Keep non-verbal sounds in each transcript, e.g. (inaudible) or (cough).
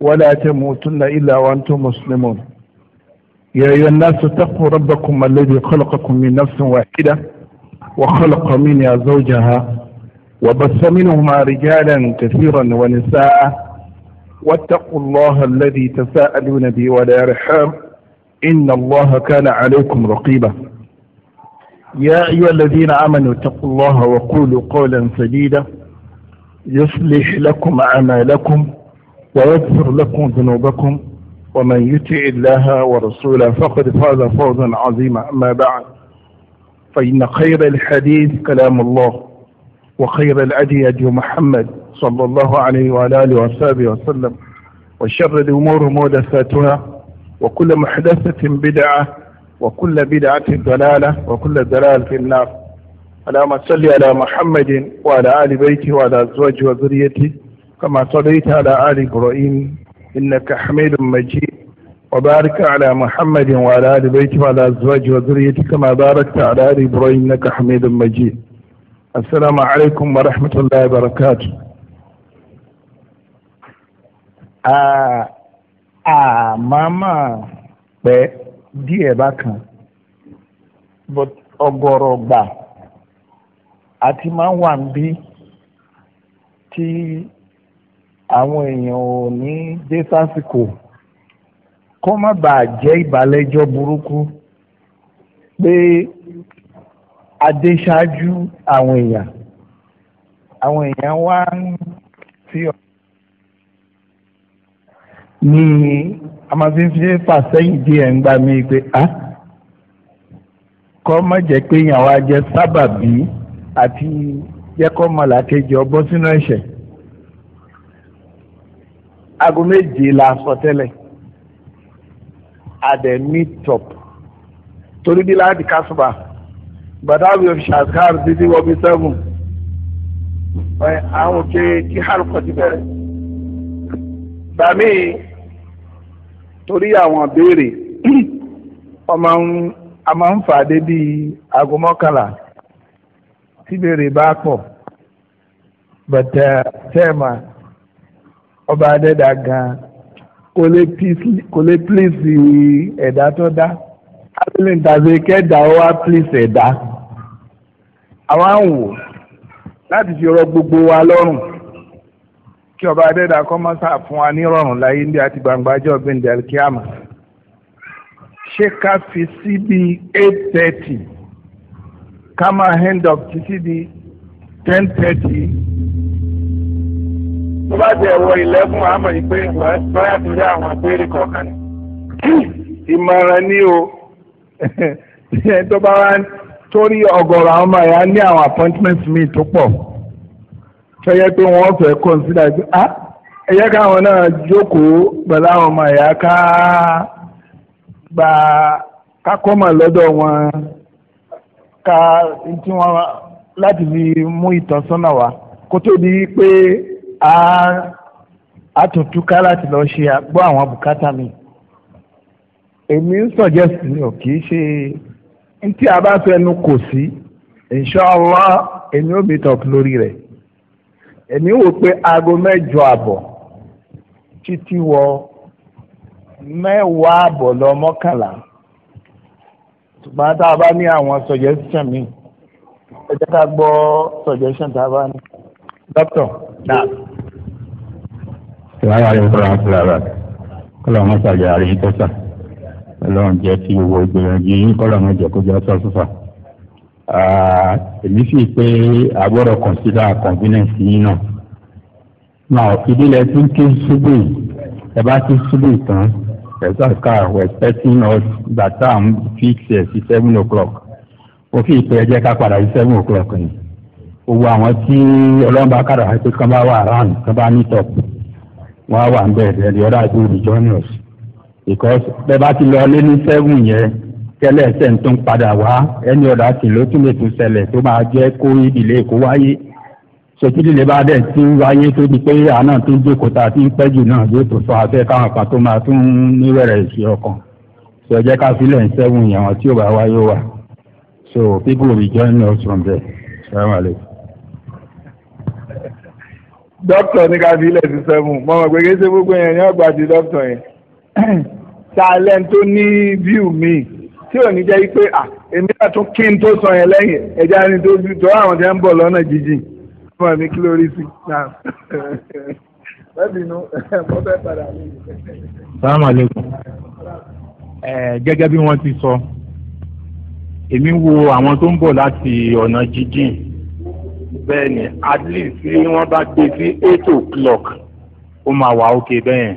ولا تموتن إلا وأنتم مسلمون يا أيها الناس اتقوا ربكم الذي خلقكم من نفس واحدة وخلق منها زوجها وبث منهما رجالا كثيرا ونساء واتقوا الله الذي تساءلون به والارحام إن الله كان عليكم رقيبا يا أيها الذين آمنوا اتقوا الله وقولوا قولا سديدا يصلح لكم أعمالكم ويغفر لكم ذنوبكم ومن يطع الله ورسوله فقد فاز فوزا عظيما اما بعد فان خير الحديث كلام الله وخير الادي هدي محمد صلى الله عليه وعلى اله وصحبه وسلم وشر الامور محدثاتها وكل محدثه بدعه وكل بدعه ضلاله وكل ضلال في النار اللهم صل على محمد وعلى ال بيته وعلى ازواجه وذريته كما صليت على آل إبراهيم إنك حميد مجيد وبارك على محمد وعلى آل بيته وعلى أزواجه وذريته كما باركت على آل إبراهيم إنك حميد مجيد السلام عليكم ورحمة الله وبركاته àmàmà pẹ́ díẹ̀ bákan but ọ̀gọ̀rọ̀ gbà àti máa ń wà ń àwọn èèyàn ò ní dé sásìkò kó má bàa jẹ́ ìbálẹ́jọ́ burúkú pé adé ṣáájú àwọn èèyàn àwọn èèyàn wá ń fi ọ. ní amafínfín fàsẹ́yìn díẹ̀ ń gbà mí pé a ah, kọ́ má jẹ́ pé èèyàn wa jẹ́ sábàbí àti jẹ́ kọ́ mọ̀lá kejì ọgbọ́n sínú ẹ̀ṣẹ̀ aago méje la sọ tẹ́lẹ̀ adẹ meet up torí bí láti kásùbà gbàdá bí o fi ṣàkàr títí wọ́n bí sẹ́fún àwọn òkè kí hàlùkọ́ ti bẹ̀rẹ̀ sàmì torí àwọn béèrè ọmọ a máa ń fà dé bíi aago mọ́kànlá tí béèrè bá pọ̀ bàtà uh, tẹ́ẹ̀mà ọba adẹ́dà gan kò lè pílìsì ẹ̀dá tó dá abẹ́lẹ̀ ntàfẹ́ kẹ́dà ó wá pílìsì ẹ̀dá àwọn àwò láti fi rọ gbogbo wa lọ́rùn kí ọba adẹ́dà kọ́ máa sá fún wa ní rọrùn láyé ní àti gbangba ọjọ́ bíndẹ̀ kíámà ṣé ká fi sí bí eight thirty ká máa hand up títí di ten thirty. tó bá jẹ ẹ̀wọ̀ ilẹ̀kùn àmọ̀ yìí pé lọ́yà ti rí àwọn àpẹẹrẹ kọ̀ọ̀kan ni. ìmọ̀ràn ni o tó bá wá torí ọ̀gọ̀rọ̀ àwọn ọmọ ẹ̀yà ní àwọn appointment míì tó pọ̀ tó pé wọ́n fẹ́ consider ah, káwọn náà jókòó a tún túká láti lọ ṣe gbọ́ àwọn bùkátà mi èmi ń suggest ni ò kì í ṣe ntí a bá fẹnu kò sí inṣọ́lá èmi ò meet up lórí rẹ̀ èmi wò pé aago mẹ́jọ àbọ̀ títí wọ mẹ́wàá àbọ̀ lọ mọ́kànlá ṣùgbọ́n tá a bá ní àwọn suggestion mi ẹ jẹ́ ká gbọ́ suggestion tá a bá ní. doctor na ìwádìí àlẹ́ ìfọ̀rọ̀ àti làrá kọ́lọ̀ wọn ṣàjẹ́ àrẹ yìí tó sà ọlọ́run jẹ́ kí gbogbo ìgbìyànjú yín kọ́lọ̀ wọn jẹ́ kó jẹ́ sọ́ sọ́fà. èmi sì pé agbọ́dọ̀ consider convenience yín náà. náà ìdílé tí ń ké ṣubú yìí ẹ bá ti ṣubú ìtàn ẹ̀sọ́ àká were expecting us that time fix ẹ̀ sí seven o'clock. mo fi ìpè ẹjẹ́ ká padà sí seven o'clock yìí. gbogbo àwọn tí ọlọ́run bá kàdà pé kán bá wà round kán bá ní tọ̀pù wọ́n á wà ń bẹ̀rẹ̀ the other two will join us because bẹ́ẹ̀ bá ti lọ lé ní seven yẹn tẹ́lẹ̀ ẹsẹ̀ ń tún padà wá ẹni ọ̀dà sì ló tún lè tún ṣẹlẹ̀ tó máa jẹ́ kó ìdílé kó wáyé sotidile bá dẹ̀ ti ń wáyé tó di pé àná tó ń jókòtà tí ń pẹ́jù náà yóò tó sọ afẹ́ káwọn kan tó máa tún níwẹ̀rẹ̀ ìṣe ọkàn so ẹ jẹ́ ká sílẹ̀ ń sẹ́wọ̀n yẹn wọn tí ò bá wáyé wà so people will join us from there dókítà ní ká fílẹ̀ sí sẹ́fún mo mọ̀ pé kí ṣe gbogbo yẹn ní ọgbà ti dókítà yẹn (clears throat) talent tó ní view mi tí ò ní jẹ́ pé à èmi náà tún kí n tó sọ yẹn lẹ́yìn ẹja ni tó tó àwọn tí ń bọ̀ lọ́nà jíjìn fún mi kí ló rí sí náà. lẹ́bìnú (laughs) (laughs) mo fẹ́ padà lé. salaam aleykum gẹ́gẹ́ bí wọ́n ti sọ èmi wo àwọn tó ń bọ̀ láti ọ̀nà jíjìn bẹ́ẹ̀ ni at least tí wọ́n bá gbé sí eight o'clock ó máa wà ókè bẹ́ẹ̀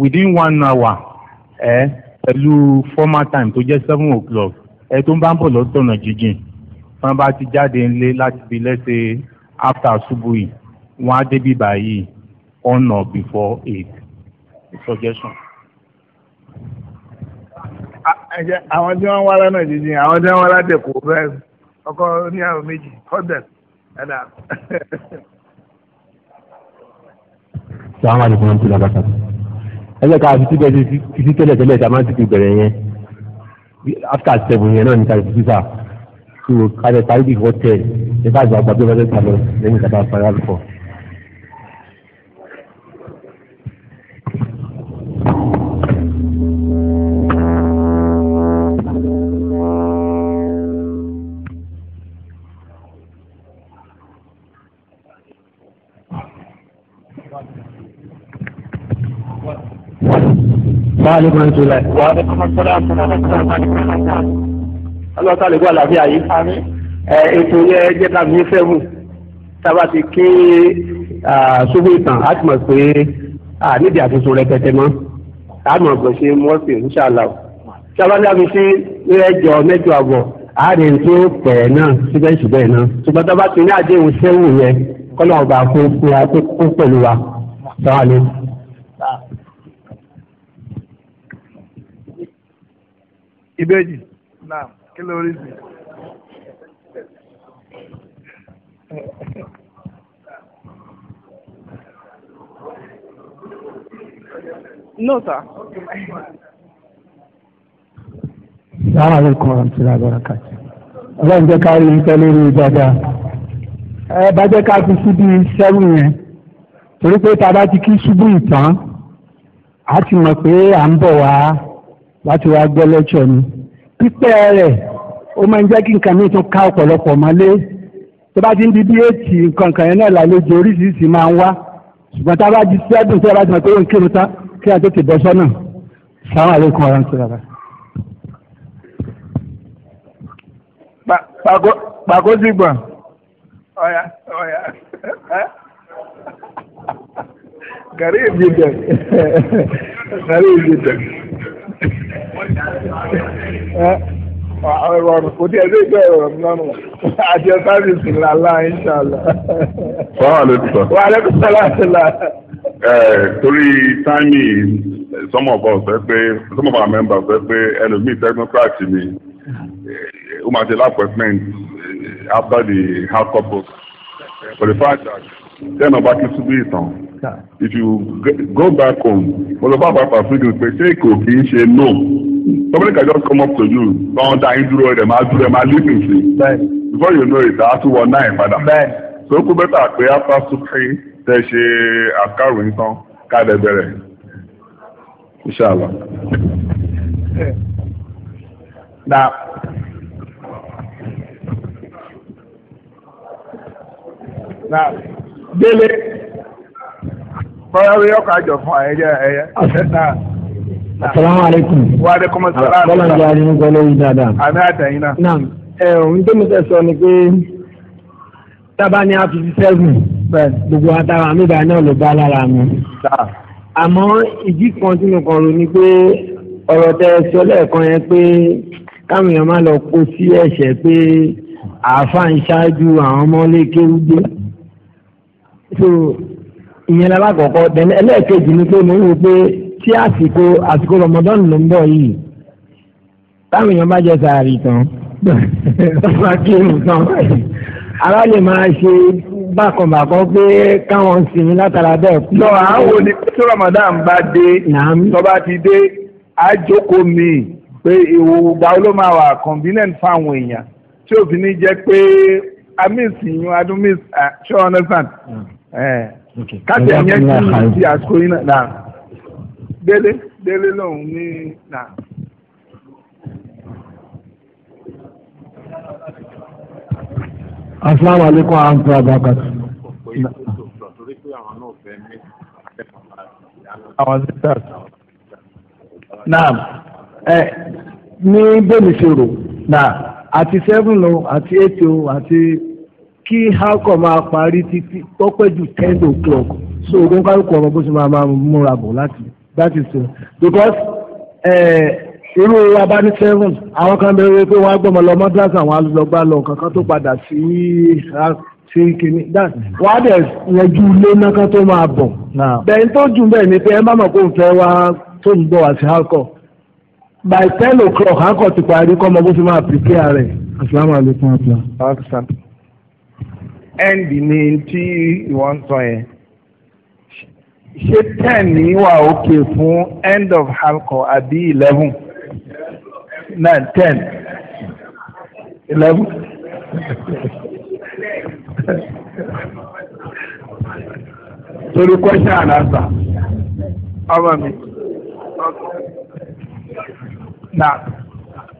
within one hour ẹ pẹ̀lú formal time tó jẹ́ seven o'clock ẹ tó ń bá ń bọ̀ lọ́sọ̀nà jíjìn wọ́n bá ti jáde ńlé láti fi lẹ́sẹ̀ after ṣubú yìí wọ́n á débí báyìí on or before eight suggestion àwọn tí wọ́n wá lọ́nà jíjìn àwọn tí wọ́n wá látẹ̀kọ́ bẹ́ẹ̀ ọkọ oníyàwó méjì husband ẹnà. sàwọn àdìgún náà ti lọ bàtà ẹgbẹ́ ká fi síbẹ̀ títí tẹ́lẹ̀ tẹ́lẹ̀ tá a máa ń tètè bẹ̀rẹ̀ yẹn after seven yẹn náà ní ká fi sísà tó kájọ parí bí four ten ní ká àgbà gbàgbé wọn lẹ́ta lọ lẹ́yìn kàtà parí àlùfọ́. Wàhálùkùn Ṣùlẹ̀. Wàhálùkùn Ṣùlẹ̀ ọlọ́ta lè gbọ́ àlàáfíà yìí. ètò yẹn jẹ́ ká mi fẹ́ mú tába ti kí ṣubú ìtàn á ti mọ̀ pé nídìí àtúntò rẹpẹtẹ mọ́ á mọ̀ bọ̀ ṣe mọ́ọ̀sì ìṣàlà o. sábàlá mi sí mẹ́jọ mẹ́jọ àbọ̀ àárẹ̀ tí ó pẹ̀ náà síbẹ̀síbẹ̀ náà ṣùgbọ́n tába ti ní àdéhùn sẹ́wù yẹn kọ́lọ́ ọba fún fún wa kó pẹ̀lú wa. sọ́wọ́n ìbejì náà kí ló rí sí. No, sir. Assalamu alaikum warahmatullahi wabarakatuh. Ọlọ́run jẹ́ ká rí iṣẹ́ lórí dáadáa. Ẹ bá jẹ́ ká fi síbi sẹ́rù yẹn. Torí pé tá a bá ti kí ṣubú ìtàn, a ti mọ̀ pé à ń bọ̀ wá láti wá gbọ́ lẹ́kṣọ̀ ni pípẹ́ rẹ̀ ó máa ń jẹ́ kí nǹkan mi tún ká ọ̀pọ̀lọpọ̀ mọ́lé tó bá ti ń di bí èètì nǹkan kan yẹn náà lálejò oríṣiríṣi máa ń wá ṣùgbọ́n tá a bá di sẹ́dùn tó a bá ti mọ̀ pé ó ń kírun tá kí a tètè bọ́ sọ́nà sáwọn àlékún ọ̀rọ̀ ń sọ̀rọ̀ pàkó sí gbọ̀n ọ̀yà gàrí èbí dẹ̀ gàrí èbí dẹ̀ ọ̀rọ̀ kò tí ẹ lè gbé ọ̀rọ̀ mi lọ́nu àti ẹ sáfìsì ńlá láì ṣàlá. wàá lè sọ. torí táìmì some of us fẹ́ pé some of our members fẹ́ pé ẹlòmíì technocrat ni ó máa ṣe lápẹ̀tment after the hard couple for the fact that tẹ́nà bá kí ṣubú ìtàn if you go back home mo lọ bá àpapọ̀ àfihàn pé ṣé kò kí ń ṣe no somebody can just come up to you báwọn dá yín dúró rẹ̀ máa dúró rẹ̀ máa lé kìí ṣe before you know it a tún wọ náà padà so kú bẹ́tà pé after sukiri tẹ ṣe àkàròyìn tán káàdẹ̀ bẹ̀rẹ̀ inshallah. Now, now délé bọ́lá yóò ká jọ fún àyẹ̀jẹ̀ ẹ̀yẹ. asalaamu aleykum. wa aleykum salaam. bọ́lá ń jẹ́ àdínú pẹ̀lú oyin dáadáa. àmì àtẹ̀yìn náà. naam ẹ ohun tó mo fẹ́ sọ ni pé tábà ní a fifty seven gbogbo àtàwọn mi bá náà ló bá lára mi. àmọ́ ìdí kan tí mo kàn rò ni pé ọ̀rọ̀ tẹ sọ lẹ́ẹ̀kan yẹn pé káwọn èèyàn má lọ kó sí ẹ̀ṣẹ̀ pé àáfàá ń ṣáájú àwọn ọmọ lé kéwú gbé so ìyẹn lálákọ̀ọ́kọ́ then ẹlẹ́ẹ̀kejì ni pé mo ń wò pé tí àsìkò àsìkò Ramadan ló ń bọ̀ yìí táwọn èèyàn bá jẹ sàárì tán lọ́sọ̀ akéwì tán ara lè máa ṣe bákan bàkan pé káwọn sinmi látara bẹ́ẹ̀. lọ àwọn ni tí Ramadan bá dé tó bá ti dé á mi pé ìwò gbà ló máa wà convenient fáwọn èèyàn tí òfin ní jẹ́ pé i miss yín i do miss ah, understand. Eh, káṣẹ̀ yẹn ti ti àsìkò náà délé délé lòun ní Na asalaamu aleykum wa rahmatulahi wa barakatu. naam ní bẹ́ẹ̀ àti àti. kí halcom máa parí títí tọ́pẹ́ jù ten o'clock so ogun kálukú ọmọ bó ṣe máa máa múra bọ̀ láti láti sọ because eh, irú abáni seven àwọn kan bẹ̀rẹ̀ pé wọ́n á gbọ́mọ lọ mọ́dúrásì àwọn alùlọ́gbà lọ kankan tó padà sí ṣe kìíní dá wọ́n á dẹ̀ yanjú ilé náà kan tó máa bọ̀ bẹ́ẹ̀ tó jù bẹ́ẹ̀ ni pé ẹ má mọ̀ kó n fẹ́ wá tó ń bọ̀ wá sí halcom by ten o'clock halcom ti parí kọ́ ọmọ bó ṣe máa prepare rẹ̀. asalaamualeykum abdullah end ni tí ìwọ ń sọ yẹn ṣé ten ní wà òkè fún end of halqa àbí eleven Nine, ten eleven. torí question and answer ọmọ mi. na.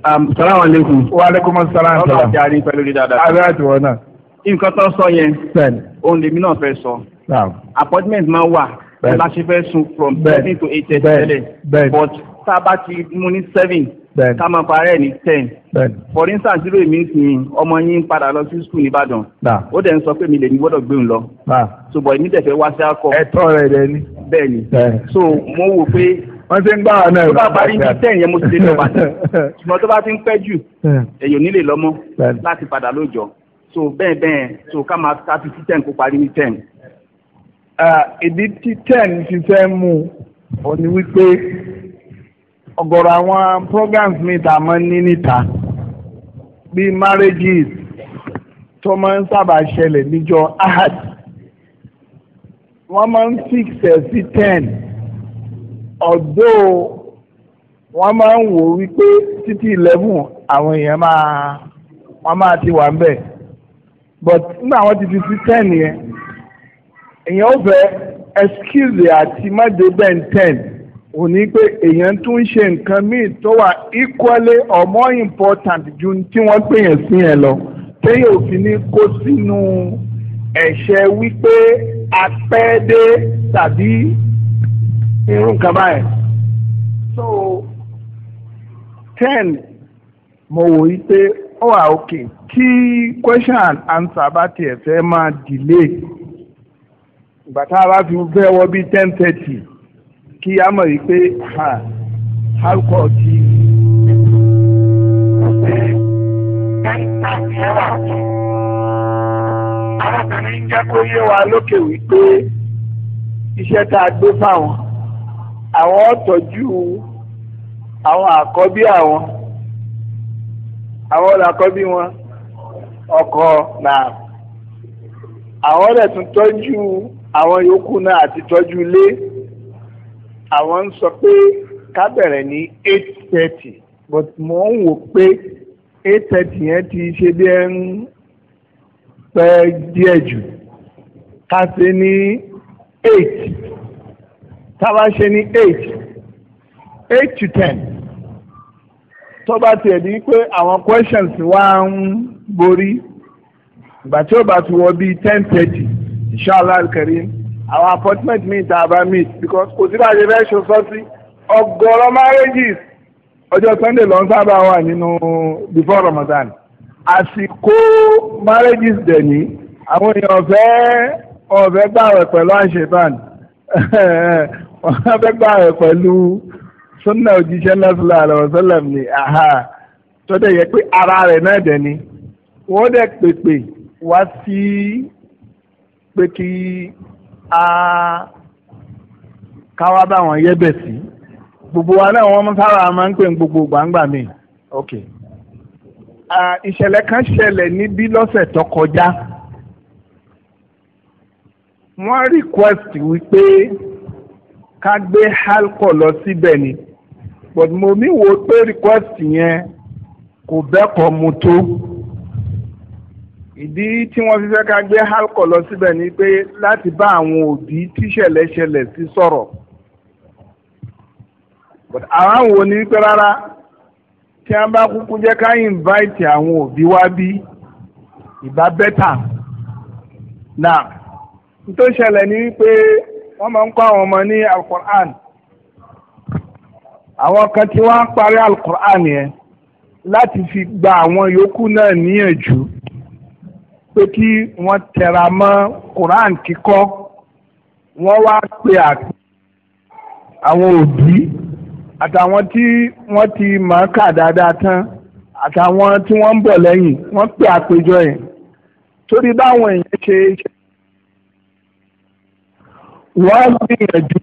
Um, salaam aleykum. wa aleykum salaam. ọlọ́run ti a ní pẹ̀lú rí dáadáa. abẹ́ àti wọn náà nǹkan tó sọ yẹn òun lèmi náà fẹ́ sọ appointment máa wà la ṣe fẹ́ sùn from seven to eight thirty tẹ́lẹ̀ but tá a bá ti mú ní seven ká máa parẹ́ ní ten for instance irú èmi ń sin ọmọ yín padà lọ sí school nìbàdàn ó dẹ̀ ń sọ pé mi lè ní gbọ́dọ̀ gbé òun lọ so bọ̀ èmi dẹ̀ fẹ́ wá sí akọ. ẹ̀tọ́ rẹ̀ dẹ̀ ni. bẹ́ẹ̀ni so mo wò pé wọ́n ti ń gbá wa náà. tó bá parí ní ten yẹn mo ti lè lọ padà (laughs) ṣùgbọ́n tó bá ti ń pẹ́ jù èyí ò ní lè lọ́mọ láti padà lóòjọ́ so bẹ́ẹ̀ bẹ́ẹ̀ so ká máa ká fi sí ten kó parí ní ten. ìdí tí ten fi fẹ́ mú ọ ni wípé ọ̀gọ̀rọ̀ àwọn programs mi tá a máa ń ní níta bíi marriages tó máa ń sábà ṣẹlẹ̀ níjọ́ ahad wọ́n máa ń six ẹ̀ sí ten ọ̀dọ́ wọ́n máa ń wò wípé títí eleven àwọn èèyàn máa wọ́n máa ti wà ń bẹ̀ but nígbà wọn ti fi sí ten yẹn èèyàn ó fẹ́ excuse àti má dé bẹ́ẹ̀ ten ò ní pé èèyàn tún ń ṣe nǹkan míì tó wà equally or more important ju tí wọ́n pè yẹn sí yẹn lọ téèyàn ò fi ní kó sínú ẹ̀ṣẹ̀ wípé apẹ́ẹ́dé tàbí irú nǹkan báyẹn so ten mo wò yí pé ó wà ókè. Okay tí question and answer bá tiẹ̀ fẹ́ máa delay ìgbà tá a bá fi fẹ́ wọ bíi ten thirty kí a mọ̀ yìí pé alcohol ti. àwọn obìnrin ń jẹ́ kó yé wa lókè wípé iṣẹ́ tá a gbé fáwọn àwọn ọ̀tọ́jú àwọn àkọ́bí àwọn àwọn ọ̀làkọ́bí wọn ọkọ náà àwọn ọ̀rẹ́ tún tọ́jú àwọn yòókù náà àti tọ́jú ilé àwọn ń sọ pé ká bẹ̀rẹ̀ ní eight thirty but mò ń wò pé eight thirty yẹn ti ṣe bí ẹ ń pẹ́ díẹ̀ jù ká ṣe ní eight tá a bá ṣe ní eight eight to ten tó bá tiẹ̀ di pé àwọn questions wá ń. Um, borí ìgbà tí ó bá ti wọ bíi ten thirty inshallah alkarim àwọn appointment mi ta meet because kò sí bá a ṣe fẹ́ ṣoṣọ́ sí ọgọ́rọ̀ marriages ọjọ́ sunday ló ń sábà wà nínú before ramadan àsìkò marriages dẹ̀ ní àwọn èèyàn ọ̀fẹ́ ọ̀fẹ́ gbààwẹ̀ pẹ̀lú àṣetán wọ́n fẹ́ gbààwẹ̀ pẹ̀lú (laughs) sunna òjíṣẹ́ lọ́sùlá àlọ́ sọ́lẹ̀m ni tọ́jú yẹ pé ara rẹ̀ náà dẹ̀ ní wọ́n dẹ̀ pèpè wá sí pé kí a káwá bá wọn yẹ́bẹ̀ sí gbogbo wa náà wọ́n sábà máa ń pè gbogbo gbàǹgbà mi ok ìṣẹ̀lẹ̀ kan ṣẹlẹ̀ níbí lọ́sẹ̀ tó kọjá wọ́n request wípé ká gbé halkọ lọ síbẹ̀ ni but mo mi wo pé request yẹn kò bẹ́ẹ̀ kọ́ mu tó ìdí tí wọ́n fi fẹ́ ká gbé halkọ̀ lọ síbẹ̀ ni pé láti bá àwọn òbí tíṣẹ̀lẹ̀ ṣẹlẹ̀ sí sọ̀rọ̀ àwọn wo ni pé rárá tí wọ́n bá kúkú jẹ́ ká invite àwọn òbí wá bí ìbá bẹ́tà náà nítorí ṣẹlẹ̀ ni wípé wọ́n máa ń kọ́ àwọn ọmọ ní alukur'an àwọn kan tí wọ́n ń parí alukur'an yẹn láti fi gba àwọn yòókù náà níyànjú pé kí wọ́n tẹra mọ́ Quran kíkọ́ wọ́n wá pe àwọn òbí àtàwọn tí wọ́n ti mọ̀ ọ́n kà dáadáa tán àtàwọn tí wọ́n ń bọ̀ lẹ́yìn wọ́n pe àpéjọ yẹn torí báwọn èèyàn ṣe ṣe wọ́n gbìyànjú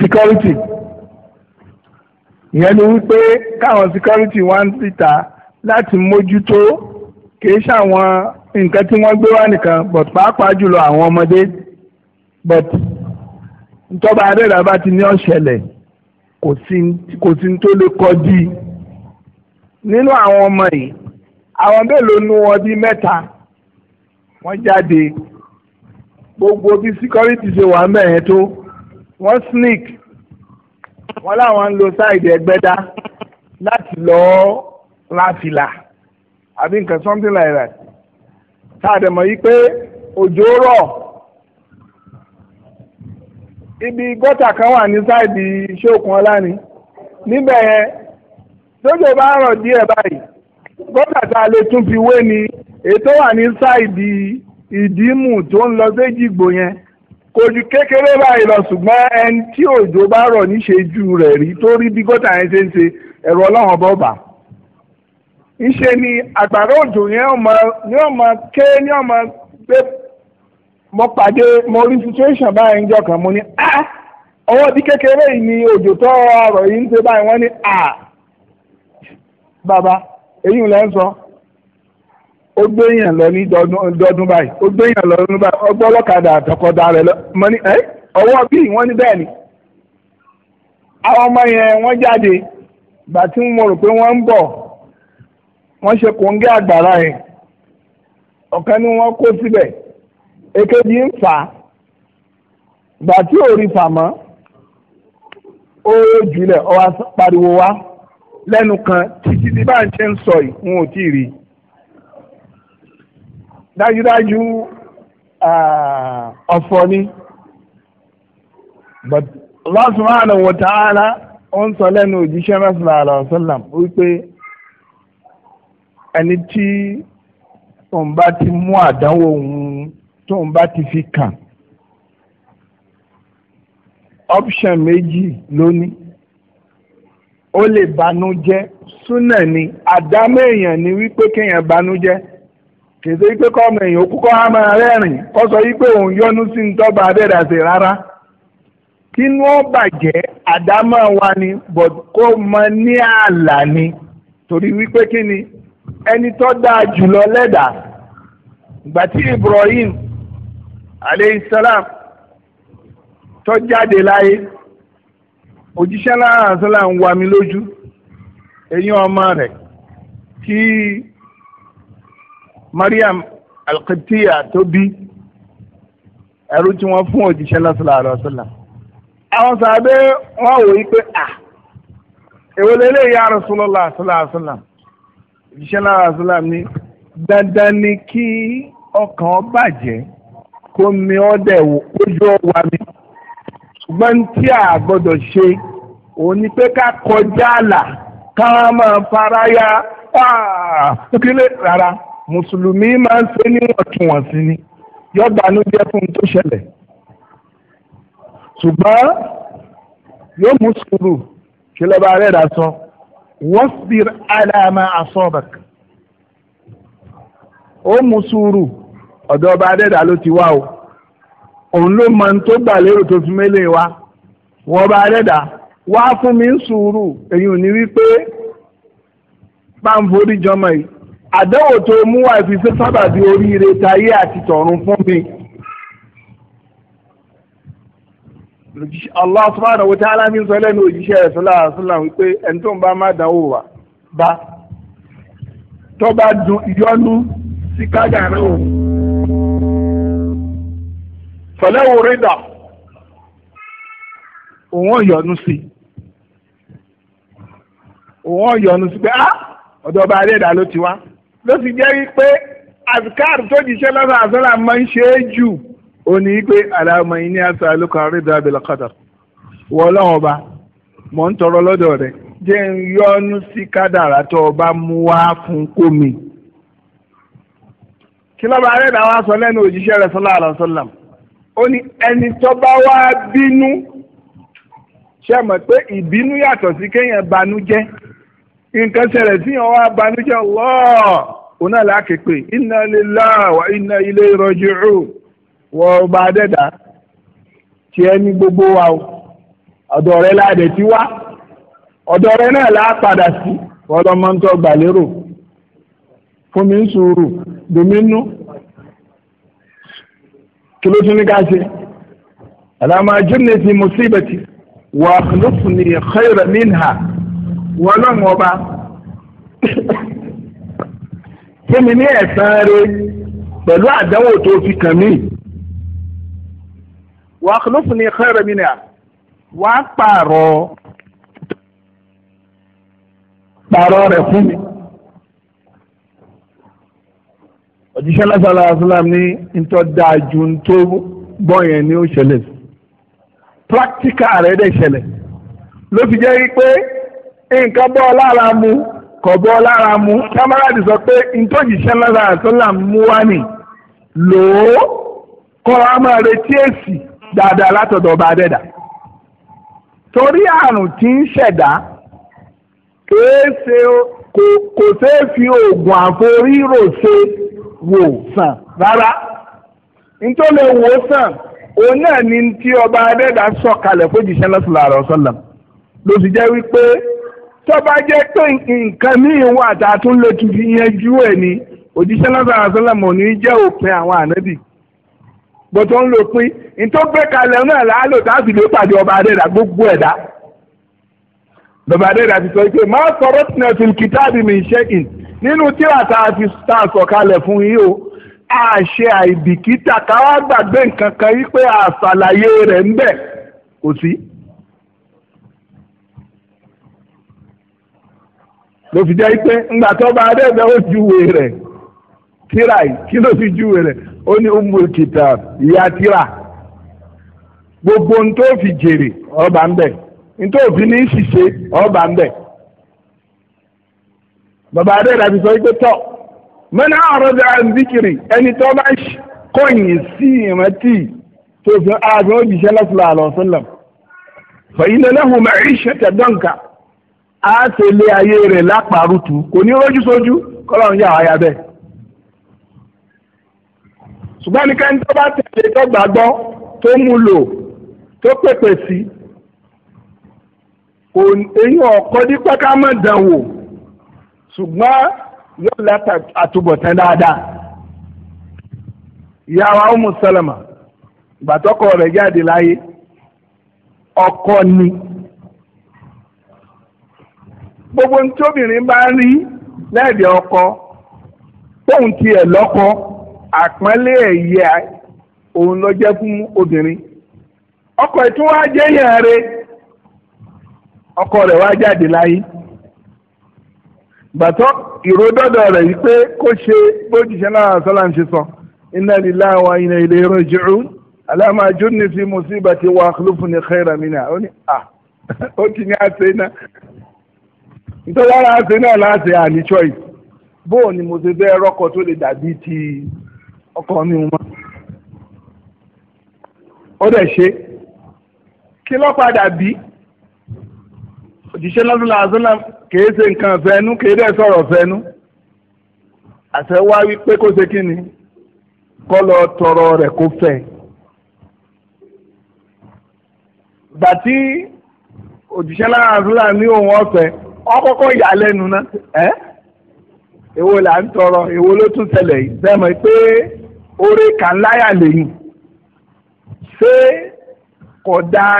security ìyẹn ni wípé káwọn security wá ń síta láti mójútó kì í ṣàwọn nǹkan tí wọ́n gbé wá nìkan but pàápàá jùlọ àwọn ọmọdé but ntọ́ba adẹ́rẹ́ bá ti ní ọ̀ṣẹ̀lẹ̀ kò sí tó lè kọjú nínú àwọn ọmọ yìí àwọn mélòó nu wọn bíi mẹ́ta wọ́n jáde gbogbo bí security ṣe wà mẹ́rin tó wọ́n sneak wọ́n láwọn ń lo side ẹgbẹ́dá láti lọ́ọ́ ráfìlà. La àbí nǹkan something like that tá a dẹ̀ mọ̀ yí pé òjò rọ̀ ibi gọ́tà kan wà ní sáìdì ṣókun ọláni níbẹ̀ yẹn tójò bá rọ̀ díẹ̀ báyìí gọ́tà tá a lè tún fi wé ni èyí tó wà ní sáìdì ìdímù tó ń lọ séjìgbò yẹn kò ju kékeré báyìí lọ ṣùgbọ́n ẹni tí òjò bá rọ̀ níṣe ju rẹ̀ rí tó bí gọ́tà yẹn ṣe ń ṣe ẹ̀rọ ọlọ́run ọba ọba. ìṣe ni àgbàrá òjò yẹn ọmọ ní ké ní ọmọ pé mo pàdé mo rí situation báyìí níjọ́ kan mo ní a ah! ọwọ́ bí kékeré yìí ni òjò tọ́ ọ̀rọ̀ yìí ń ṣe báyìí wọ́n ní a bàbá èyí lẹ́ ń sọ ó gbé yàn lọ ní dọdún báyìí ó gbé yàn lọ ní báyìí ọgbọ́n ọlọ́kadà àtọkọ́dá rẹ̀ lọ mo ní ẹ́ ọwọ́ bí wọ́n ní bẹ́ẹ̀ ni àwọn ọmọ yẹn wọ́n jáde bàtí tí mo rò pé wọ́n ń bọ̀ wọ́n ṣe kòńgẹ́ àgbàrá yẹn ọ̀kan ni wọ́n kó síbẹ̀ èkejì ń fà á gbà tí ò rí fà mọ́ ó jùlẹ̀ ọwọ́ pariwo wá lẹ́nu kan títí tí bá ń ṣe ń sọ yìí n ò tí ì rí dájúdájú ọ̀fọ̀ ni but Allah subhanahu wa ta'ala ó ń sọ lẹ́nu òjíṣẹ́ mẹ́sàn-án àlọ́ sọ́làm wípé ẹni tí òun bá ti mú àdánwò òun tóun bá ti fi kàn option méjì lónìí ó lè banújẹ́ súnà ni àdámọ̀ èèyàn ni wípé kéèyàn banújẹ́ kèsè wípé kọ́mọ èèyàn òkú kọ́ àmọ́ rẹ́rìn kọ́ sọ wípé òun yọnu sí ní tọ́ba abẹ́dàsí rárá kínú ó bàjẹ́ àdámọ̀ wa ni but kó mọ ní ààlà ni torí wípé kí ni ẹni tó dáa jùlọ lẹ́dà gbàtí Ibrahim aleyhisselam tó jáde láyé òjíṣẹ́ náà sọ́là ń wà mí lójú ẹ̀yìn ọmọ rẹ̀ kí Mariam alqibtiya tó bí ẹrú tí wọ́n fún òjíṣẹ́ náà sọ́là rẹ̀ sọ́là àwọn sàbẹ̀ wọ́n wò yí pé à ah, èwo lélẹ́yìí ya Rasulullah sọ́là ìṣẹ́ lára islam ní dandan ni kí ọkàn bàjẹ́ kó mi ọ́dẹ̀ ojú ọwà mi ṣùgbọ́n tí a gbọ́dọ̀ ṣe òun ni pé ká kọjá àlà ká máa fara ya kílé rárá mùsùlùmí máa ń ṣe níwọ̀ntúnwọ̀nsí ni yọ̀gbánú jẹ́ fún un tó ṣẹlẹ̀ ṣùgbọ́n yóò mú sùúrù kí lọ́ba rẹ̀ dá sọ wasbir ala ma asabak ó mú sùúrù ọ̀dọ̀ ọba adẹ́dà ló ti wá o òun ló mọ tó gbà lérò tó fi mélé wa wọ́n ọba adẹ́dà wá fún mi ń sùúrù èyí ò ní wípé bá ń forí jọmọ yìí àdéhùn tó mú wá ìfisẹ́ sábàbí oríire tayé àti tọ̀run fún mi. Allah subhanahu wa ta'ala mi sọ lẹ́nu òjíṣẹ́ rẹ̀ sọ́lá àṣọlá wípé ẹni tó ń bá má dánwò wá bá tó bá dùn ìyọnu sí kádàrá òun. fọlẹ́wò rídà òun ọ̀yọ́nu sí òun ọ̀yọ́nu sí pé ah ọ̀dọ̀ ọba adéda ló ti wá ló sì jẹ́ pé azkar tó jíṣẹ́ lọ́sàn-án àṣọlá máa ń ṣe é jù ó ní pé àlàmà yìí ní àṣà àlùkò ridha bil qadar wọ ọlọ́run ọba mọ̀ ń tọrọ lọ́dọ̀ rẹ̀ jẹ́ ń yọ́nú sí kádàrá tó ọba mú wá fún kómi. kí lọ́ba arẹ́dà wa sọ lẹ́nu òjíṣẹ́ rẹ̀ sallallahu alaihi wasallam ó ní ẹni tó bá wá bínú ṣe mọ̀ pé ìbínú yàtọ̀ sí kéèyàn banújẹ́ nǹkan ṣẹlẹ̀ sí yàn wá banújẹ́ Allah òun náà lákèpè inna lillahi wa inna ilayhi raji'un wọ ọba adẹ́dá tiẹ̀ ní gbogbo wa o ọ̀dọ̀ rẹ láàdẹ̀ ti wá ọ̀dọ̀ rẹ náà láà padà sí ọlọ́mọ́ntọ́ gbàlérò fún mi ń sùúrù domínú kí ló tún ní ká ṣe àlámà júnìtì mùsíbẹ̀tì wà lófùnì khayra minha wọn lọ́nà ọba (coughs) fún mi ní ẹ̀san rẹ pẹ̀lú àdánwò tó fi kàn mí wà á kìlófù ní khayran minha wà á pààrọ̀ pààrọ̀ rẹ̀ fún mi. òjíṣẹ́ lásàlá asalaam ní ntọ́ dáa ju ntó gbọ́ yẹn ní ó ṣẹlẹ̀ practical rẹ̀ dẹ̀ ṣẹlẹ̀ ló fi jẹ́ pé nǹkan bọ́ lára mu kọ̀ bọ́ lára mu kámárádì sọ pé ntọ́jíṣẹ́ lásàlá asalaam mú wá nì lòó kọ́ ọ máa retí èsì dáadáa látọ̀dọ̀ ọba adẹ́dà torí àrùn tí ń ṣẹ̀dá kò ṣeé fi oògùn àforírò ṣe wò sàn rárá nítorí lè wò sàn òun náà ni tí ọba adẹ́dà sọ̀kalẹ̀ fójìṣẹ́ lọ́sọ̀lá àrọ̀ sọ́lá ló sì jẹ́ wípé tọ́ba jẹ́ pé nǹkan míì wà tá a tún lè tún fi yanjú ẹ̀ ni òjíṣẹ́ lọ́sọ̀lá àrọ̀ sọ́lá mọ̀ ní jẹ́ òpin àwọn ànábì bó tó ń lò pín nítorí pé kalẹ̀ náà láàlò táàbì ló pàdé ọba adẹ́dà gbogbo ẹ̀dá bàbá adẹ́dà ti sọ pé máa sọ̀rọ̀ tìǹà fi kìtàbí mi ṣe in nínú tíra tá a ti ta sọ̀kalẹ̀ fún yín o àṣẹ àìbìkítà káwá gbàgbé nǹkan kan yí pé àṣàlàyé rẹ̀ ń bẹ̀ kò sí. ló fi jẹ́ pé ńgbà tó bá adẹ́dà ó juwèé rẹ̀ tíra yìí kí ló fi júwe rẹ̀ ó ní umul kitab ìyá tíra gbogbo ohun tó fi jèrè ọba ń bẹ ohun tó fi ní ṣìṣe ọba ń bẹ bàbá adé dàbí sọ pé tọ mẹ́nà àròdà àǹdíkìrì ẹni tó bá kọ̀yìn sí ìrántí tó fi ààbò òjìṣẹ́ lọ́sọ̀lá àlọ́sọ̀lá fẹ̀yìn lẹ́lẹ́hùn mẹ́rin ṣẹ̀tẹ̀ dọ́ǹkà á tẹ̀lé ayé rẹ̀ lápá rútu kò ní rójú sójú kọ́lọ́run yà wáyà bẹ́ẹ̀ ṣùgbọ́n ẹnikẹ́ni tó bá tẹ̀lé tó gbàgbọ́ tó mú lò tó pèpè sí kò eyín ọ̀kọ́ dípẹ́ ká mọ̀ dánwò ṣùgbọ́n yóò láta àtúbọ̀tán dáadáa ìyàwó àwọn mùsùlùmá gbàtọ́kọ rẹ̀ jáde láyé ọkọ ni gbogbo ní bá rí lẹ́ẹ̀dẹ̀ ọkọ tóun tiẹ̀ lọ́kọ àpọ́nlé ẹ̀yẹ òun ló jẹ́ fún obìnrin ọkọ ìtún wá jẹ́ yàn rẹ ọkọ rẹ̀ wá jáde láyé gbàtọ́ ìródọ́dọ̀ rẹ̀ yìí pé kó ṣe bójúṣẹ́ náà sọ́lá ń ṣe sọ inna lillahi wa inna ilayhi raji'un alama junni fi musibati wa akhlufni khayran minha ó ní à ó ti ní àṣẹ náà nítorí ara àṣẹ náà láṣẹ àní choice bóò ni mo ṣe fẹ́ rọ́kọ tó lè dàbí ti ọkọ ní wọn ó dẹ̀ ṣe kí ló padà bí òjíṣẹ́ lọ́dún làásùlà kìí ṣe nǹkan fẹ́nu kìí dẹ̀ sọ̀rọ̀ fẹ́nu àṣẹ wá wípé kó ṣe kíni ni kọ́ lọ tọrọ rẹ̀ kó fẹ́ bàtí òjíṣẹ́ làásùlà ní òun ọ̀fẹ́ ọkọ̀kọ̀ yà lẹ́nu náà ẹ́ èwo là ń tọrọ èwo ló tún ṣẹlẹ̀ yìí bẹ́ẹ̀ mọ̀ pé. orí kan láyà lẹ́yìn ṣé kò dáa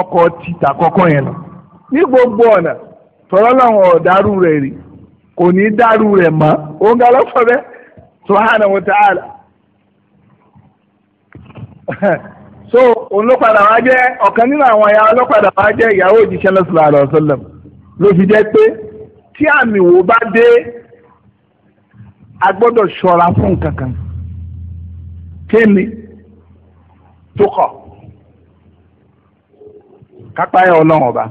ọkọ̀ títà kọ́kọ́ yẹn lọ ní gbogbo ọ̀nà tọ́lọ́ làwọn ọ̀darú rẹ̀ rí kò ní dárú rẹ̀ mọ́ òun ga lọ́sọ̀ bẹ́ẹ̀ (laughs) so òun ló padà wá jẹ́ ọ̀kan nínú àwọn ẹ̀yà ọlọ́padà wá jẹ́ ìyàwó òjíṣẹ́ lọ́sọ̀lá ló fi jẹ́ pé tí àmì a gbọ́dọ̀ ṣọ́ra fún nǹkan kéènì tó kọ̀ kápáyà ọlọ́run ọba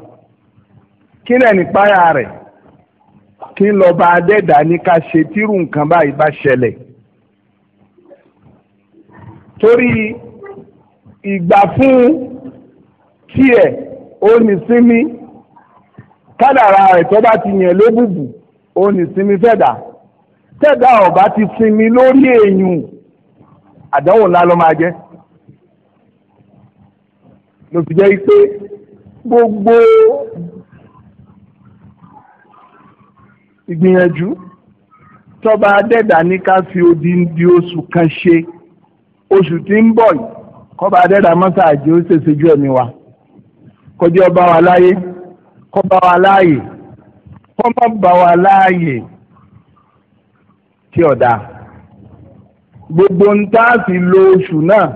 kí lẹ̀ ní páyà rẹ̀ kí n lọ́ba adẹ́dà ní ká ṣe tírú nǹkan báyìí bá ṣẹlẹ̀ torí ìgbà fún tiẹ̀ ó ní sinmi kádàrà rẹ̀ tó bá ti yàn lóbùbù ó ní sinmi fẹ́dà tẹ́dà ọ̀bá ti sinmi lórí èèyàn àdánwò ńlá ló máa jẹ́ ló fi jẹ́ pé gbogbo ìgbìyànjú tọ́ba adẹ́dà ní ká fi odindi oṣù kan ṣe oṣù tí ń bọ̀ yìí kọ́ba adẹ́dà mọ́sáàjì ó ṣèṣe ju ẹ̀mí wa kọjá ọba wa láyé kọ́ba wa láàyè kọ́ba bá wa láàyè tí ọ̀dà gbogbo ń tá a fi lo oṣù náà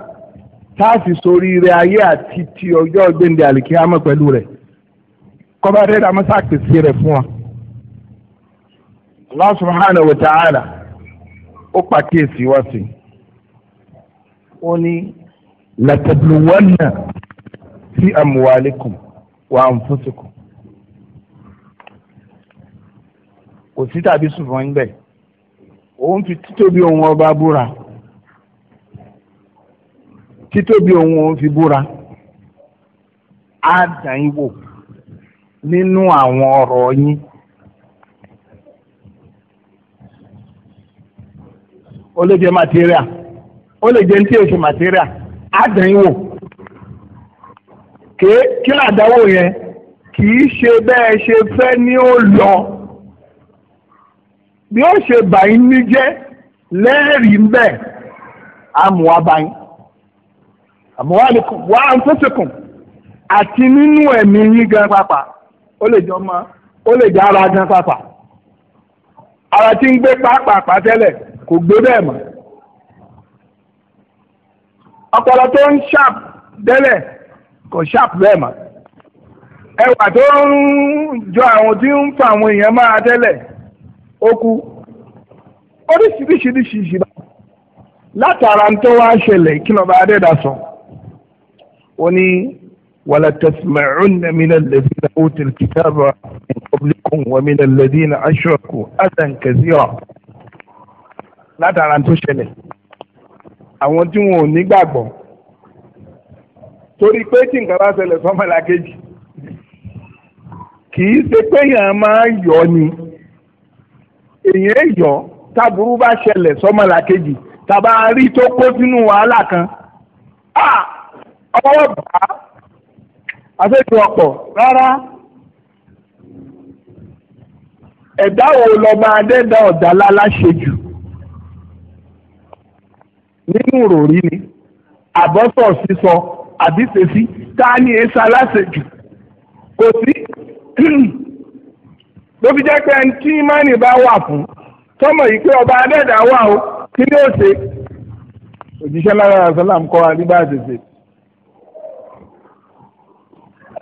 tá a fi sórí ire ayé àti ti ọjọ́ gbẹ̀ndẹ̀ àlìkíyàmọ̀ pẹ̀lú rẹ̀ kọ́ba dẹ́dà mọ́sá pèsè rẹ̀ fún wa. Allah subhanahu wa ta'ala ó pàkíyèsí wá sí i ó ní latabluwanna fi amwalikum wa anfusikum kò sí tàbí sùnfọ́n ń bẹ̀ òun fi títóbi ohun ọba búra títóbi òun òun fi búra á nínú àwọn ọ̀rọ̀ yín. ó lè jẹ́ material ó lè jẹ́ ntí èsì material á dàn yín wò kí kí làdáwò yẹn kì í ṣe bẹ́ẹ̀ ṣe fẹ́ ní ó lọ bí ó ṣe bàyín níjẹ́ jẹ́ lẹ́rìí ń bẹ̀ á mú àmúwálìkùn wà á ń fẹsẹ̀kùn àti nínú ẹ̀mí yín gan pápá ó lè jọ mọ ó lè jẹ ara gan pápá ara tí ń gbé pápá tẹ́lẹ̀ kò gbé bẹ́ẹ̀ mọ́ ọpọlọ tó ń ṣàp tẹ́lẹ̀ kò ṣàp bẹ́ẹ̀ mọ́ ẹwà tó ń jọ àwọn tí ń fa àwọn èèyàn máa tẹ́lẹ̀ ó kú oríṣiríṣiríṣi ìṣìlá látara tó wá ń ṣẹlẹ̀ kí lọ́ba adẹ́dà sọ ó ní wàlá tasma'unna mina alladhina utul kitaba min qablikum wa mina alladhina ashraku adan kathira látara tó ṣẹlẹ̀ àwọn tí wọn ò nígbàgbọ́ torí pé tí nǹkan bá ṣẹlẹ̀ sọ́mọ́lá kejì kì í ṣe pé èèyàn máa yọ ni èèyàn yọ táburú bá ṣẹlẹ̀ sọ́mọ́lá kejì tàbá rí tó kó sínú wàhálà kan ah, ọwọ́ bá àṣetò ọ̀pọ̀ rárá ẹ̀dá wo lọ́mọ adẹ́dá ọ̀dà láláṣẹ jù nínú ìròrí ni àbọ́sọ̀ sísọ àbíṣesí tá a ní èsì aláṣejù kò sí ló fi jẹ́ pé ẹni tí ìmánì bá wà fún tọ́mọ̀ yìí pé ọba adẹ́dá wà ó kí ni ó ṣe òjíṣẹ́ lára àṣálàm kọ́ adébáṣe ṣe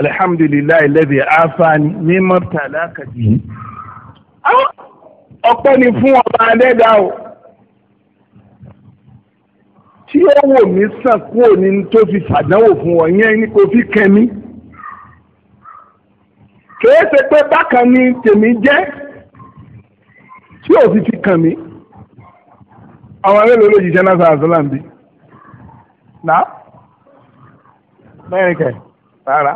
alhamdulilayi lẹ́bi afaani mímọ́ tàlá kàdí. ọpẹ́ ni fún ọba adẹ́dá o tí ó wò mí sàn kúrò ní tó fi ṣàdánwò fún ọ yẹn ni kò fi kẹ́mi. kìí ṣe pé bákan ni tèmi jẹ́ tí ò fi fi kàn mí. àwọn aráàlú olójijì náà sàn àṣọ náà mẹ́rin kẹ̀ rárá.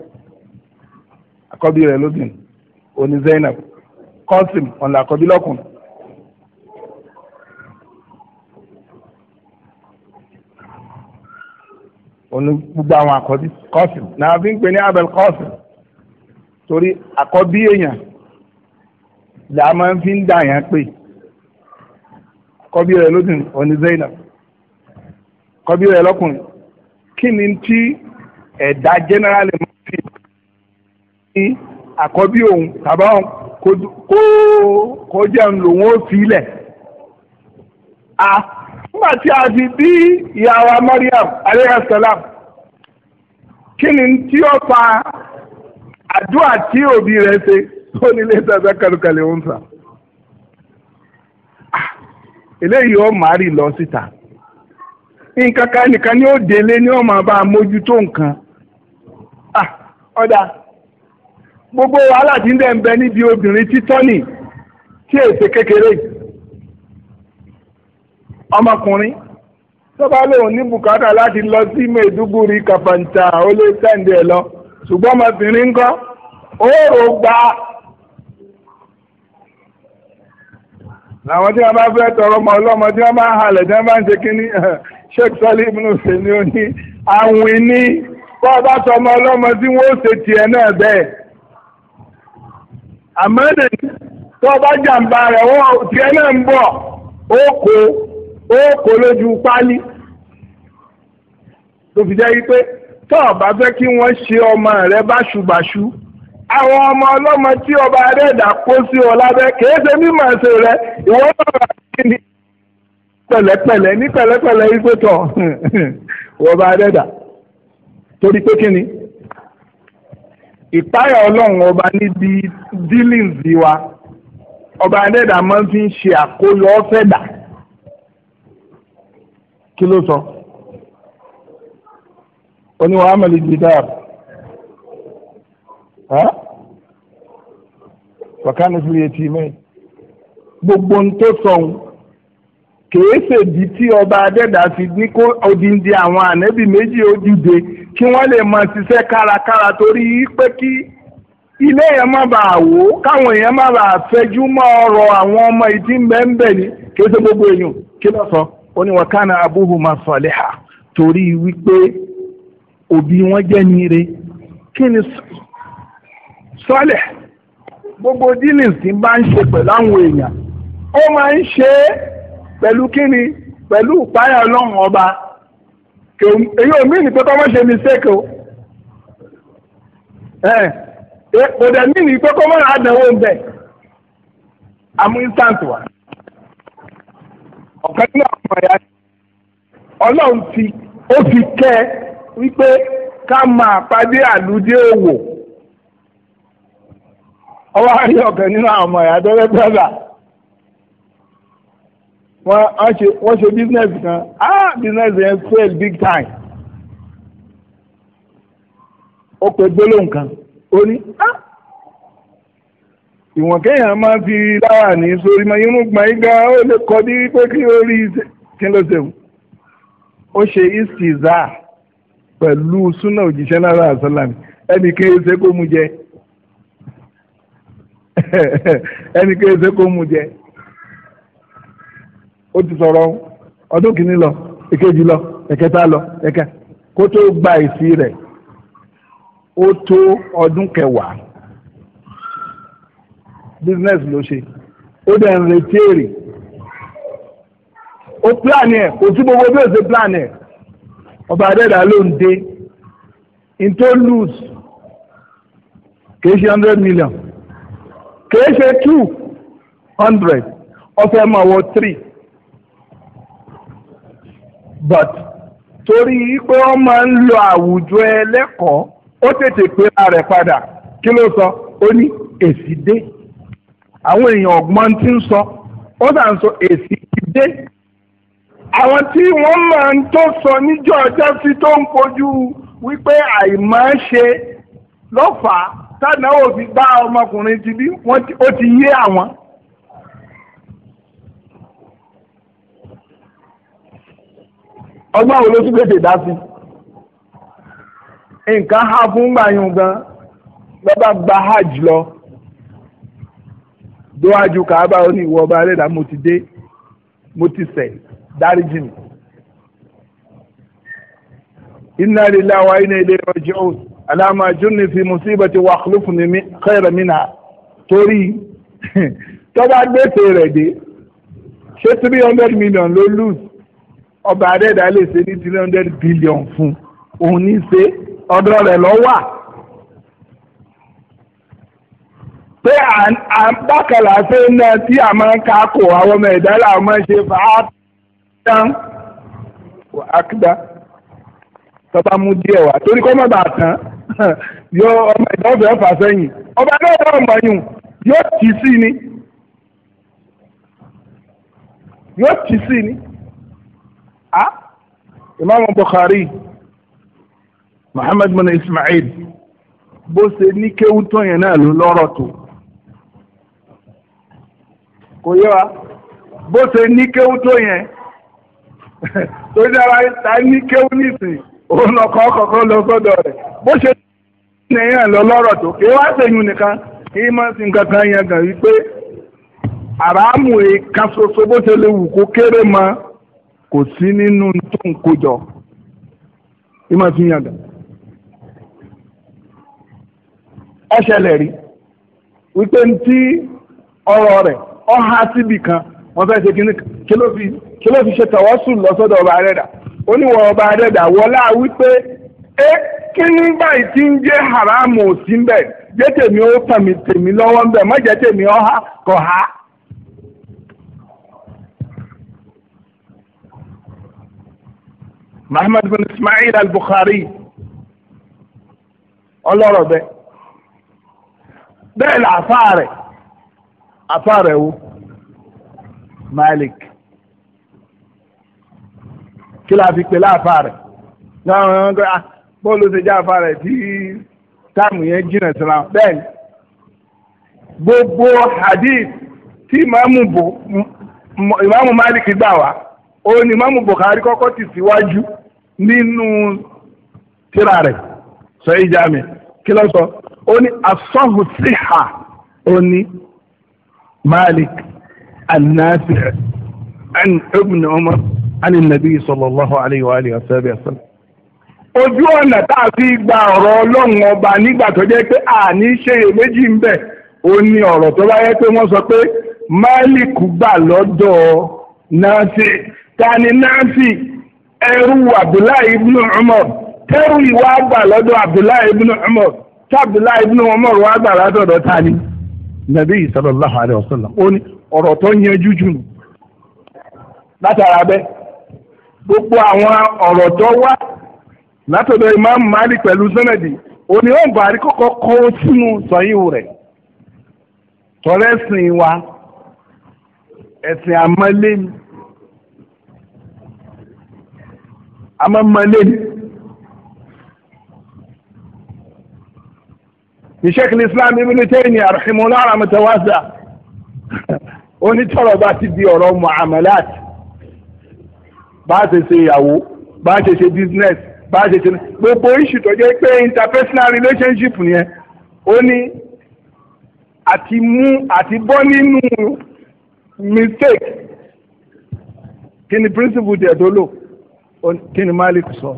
àkọ́bí rẹ̀ lóbìn oní Zainab Qasim ọ̀nà àkọ́bí lọ́kùn. oní gbogbo àwọn àkọ́bí Qasim náà fi ń pè ní Abel Qasim torí àkọ́bí èèyàn là á máa fi ń dà yẹn pé àkọ́bí rẹ̀ lóbìn oní Zainab àkọ́bí rẹ̀ lọ́kùnrin kí ni tí ẹ̀dá generally àkọ́bí òun tàbá òun kó kó jẹun lòun ó filẹ̀ a nígbà tí a fi bí ìyá wa Mariam aleyhisselam kí ni tí ó fa àdúrà tí òbí rẹ ṣe tó nílé tẹ̀sán kẹlùkẹlù ń sàn eléyìí ó máa rí lọ síta nǹkan kan nìkan ni ó délé ni ó máa bá a mójútó nǹkan ọ̀dà gbogbo wàhálà tí ń bẹ níbi obìnrin títọ́ nì tí èsè kékeré ọmọkùnrin ní bùkátà láti lọ sí Maiduguri kàfàǹtà ó lé sẹ́ǹdì ẹ̀ lọ ṣùgbọ́n ọmọbìnrin ńkọ́ òórò gba làwọn tí wọ́n bá fẹ́ tọrọ ọmọ ọlọ́mọ tí wọ́n bá ń halẹ̀ (laughs) àmọ́dé tó bá jàǹbá rẹ̀ wọ́n tiẹ̀ náà ń bọ̀ ó kó ó kó lójú pálí tó fi jẹ́ wípé tó ọba fẹ́ kí wọ́n ṣe ọmọ rẹ̀ báṣubàṣu àwọn ọmọ ọlọ́mọ tí ọba adẹ́dà kó sí ọ lábẹ́ kìí ṣe mímọ̀ ṣe rẹ ìwọ náà rà kí ni pẹ̀lẹ́pẹ̀lẹ́ ní pẹ̀lẹ́pẹ̀lẹ́ yìí pé tọ̀ (laughs) ọba adẹ́dà torí pé kí ni. ìpáyà ọlọ́run ọba níbi dealings wa ọba adẹ́dà máa fi ń ṣe àkóyọ ọ́fẹ́dà kí ló sọ oníwà amẹ́lì jìdáàb wàkánì fún etí mẹ́rin gbogbo ń tó sọ̀hún kèé ṣèdí tí ọba adẹ́dà fi ní kó odindi àwọn ànẹ́bì méjì ó dìde. kí wọ́n lè máa ṣiṣẹ́ kárakára torí pé kí ilé yẹn má bàa wò káwọn èèyàn má bàa fẹjú mọ́ ọ̀rọ̀ àwọn ọmọ ìdí mbẹ́mbẹ́ ni kí ó ṣe gbogbo èèyàn kí ló sọ ó ní wa kana abuhuma saliha torí wípé òbí wọn jẹ́ nire kí ni sọ́lẹ̀ gbogbo dealings tí bá ń ṣe pẹ̀lú àwọn èèyàn ó máa ń ṣe pẹ̀lú kí ni pẹ̀lú ìpáyà ọlọ́run ọba èyí ò mí ní pé kọ́mọ́ ṣe mistake o kò dẹ̀ mí ní pé kọ́mọ́ àdánwò ń bẹ̀ àmú instant wa ọ̀kan nínú àwọn ọmọ ẹ̀yà ọlọ́run ti ó fi kẹ́ wípé ká máa pàdé àlùdé òwò ọwọ́ àrí ọ̀kan nínú àwọn ọmọ ẹ̀yà dọ́rẹ́ brọ́dà wọ́n ṣe bísínẹ́sì kan á. Ah! ah business yẹn fail big time ó pe gbólóhùn kan ó ní ah! ìwọ̀n kéèyàn máa fi láwà ní sórí mọ irun gbọ̀n igá ó lè kọ́ ní pé kí ó rí kí ló ṣe ó ṣe istiza pẹ̀lú súnà òjíṣẹ́ lára ẹnì (laughs) èkejì lọ ẹ̀kẹta lọ ẹ̀kẹ kó tó gba èsì rẹ̀ ó tó ọdún kẹwàá business ló ṣe ó dẹ̀ ń retí èrè ó plan ẹ̀ kò sí gbogbo bí ó ṣe plan ẹ̀ ọba adẹ́dà ló ń dé in tó lose kìí ṣe hundred million kìí ṣe two hundred ọ̀fẹ́ mọ̀ wọ three but torí pé ó máa ń lo àwùjọ ẹlẹ́kọ̀ọ́ ó tètè péra rẹ̀ padà kí ló sọ ó ní èsì dé àwọn èèyàn ọ̀gbọ́n ti ń sọ ó dà ń sọ èsì ti dé àwọn tí wọ́n máa ń tó sọ níjọ́ ọjọ́ sí tó ń kojú wípé àìmọ̀ọ́ṣe ló fà á tànà òfin bá ọmọkùnrin ti bí ó ti yé àwọn. ọgbọ́n àwọn olóṣù pèsè dá sí nǹkan há fún gbàyàn gan lọ́ba gba hajj lọ dọ́wájú kàábà ó ní ìwọ ọba ẹlẹ́dàá mo ti dé mo ti ṣẹ̀ dáríjì mi inna lillahi wa inna ilayhi raji'un alama junni fi musibati wa akhlifni khayran minha torí tọ́ba gbèsè rẹ̀ dé ṣé three hundred million ló lose ọba adẹ́dá lè ṣe ní three hundred billion fún òun ní ṣe ọ̀dọ̀ rẹ̀ lọ wà. pé àbákàlà ṣe ń ná tí a máa ń ka kò àwọn ọmọ ẹ̀dá làwọn máa ń ṣe fà á tán wà tọ́ba mú díẹ̀ wá torí kọ́ mọ̀gbà tán (laughs) yọ ọmọ ẹ̀dá ọ̀fẹ́ ọ̀fà sẹ́yìn ọba náà ọmọ yùn yóò tì sí ni yóò tì sí ni. a imam bukhari muhammad bin ismail bó se ní kéwú tó yẹn náà ló lọ́rọ̀ tó kò yé wa bó ṣe ní kéwú tó yẹn (laughs) tó dára ta ní kéwú nísìn òun ọkọ̀ ọkọ̀ lọ sọ́dọ̀ rẹ̀ bó ní lọ lọ́rọ̀ kò sí nínú tó ń kójọ ẹ máa fi yàgà ó ṣẹlẹ̀ rí wípé ntí ọ̀rọ̀ rẹ̀ ó há síbì kan wọ́n fẹ́ẹ́ ṣe kíní kí ló fi kí ló fi ṣe tawassul lọ́sọ́dọ̀ ọba rẹ̀dà ó ní wọ́n ọba rẹ̀dà wọlá wípé ẹ kí ní báyìí tí ń jẹ́ haramu òsínbẹ̀ jẹ́ tèmi ó fẹ̀mí tèmi lọ́wọ́ ń bẹ̀ má jẹ́ tèmi ó há kò há. Muhammad bin Ismail al-Bukhari ọlọ́rọ̀ bẹ́ẹ̀ bẹ́ẹ̀ la àfáà rẹ̀ àfáà rẹ̀ wo Malik kí la fi pè láàfáà rẹ̀ náà bọ́ọ̀lù ti já àfáà rẹ̀ tí táàmù yẹn jìnnà síra bẹ́ẹ̀ ni gbogbo hadith tí ìmáàmù bò ìmáàmù Malik gbà wá òun ni ìmáàmù Bukhari kọ́kọ́ ti síwájú. Si nínú tíra rẹ̀ sọ yìí jáàmì kí ló sọ ó ní asọ́hùn síhà ó ní malik anasi an ibn wa ojú ọ̀nà tá a fi gba ọ̀rọ̀ ọlọ́run ọba nígbà tó jẹ́ pé ṣe ń bẹ̀ ó ní ọ̀rọ̀ tó bá yẹ pé wọ́n sọ pé malik gbà lọ́dọ̀ ni náà ẹrú abdullahi ibn umar tẹrù ìwà àgbà abdullahi ibn umar tí abdullahi ibn umar wà àgbà taa ni. nabi sallallahu alayhi wa ó ní ọ̀rọ̀ tó yanjú jù nù. látara gbogbo àwọn ọ̀rọ̀ tó wá látọ̀dọ̀ imam malik pẹ̀lú wọn bá a máa ń mọ ilé ni. ìṣèkì islam ibn Taymiyyah arhimulah rahmatawasa onítọ̀rọ̀ bá ti di ọ̀rọ̀ muamalat bá a ṣe ṣe ìyàwó bá a business bá a ṣe gbogbo iṣu tó jẹ́ pé interpersonal relationship yẹn ó ní àti mú àti bọ́ nínú mistake kí principle tẹ̀ tó Kini ni Malik kini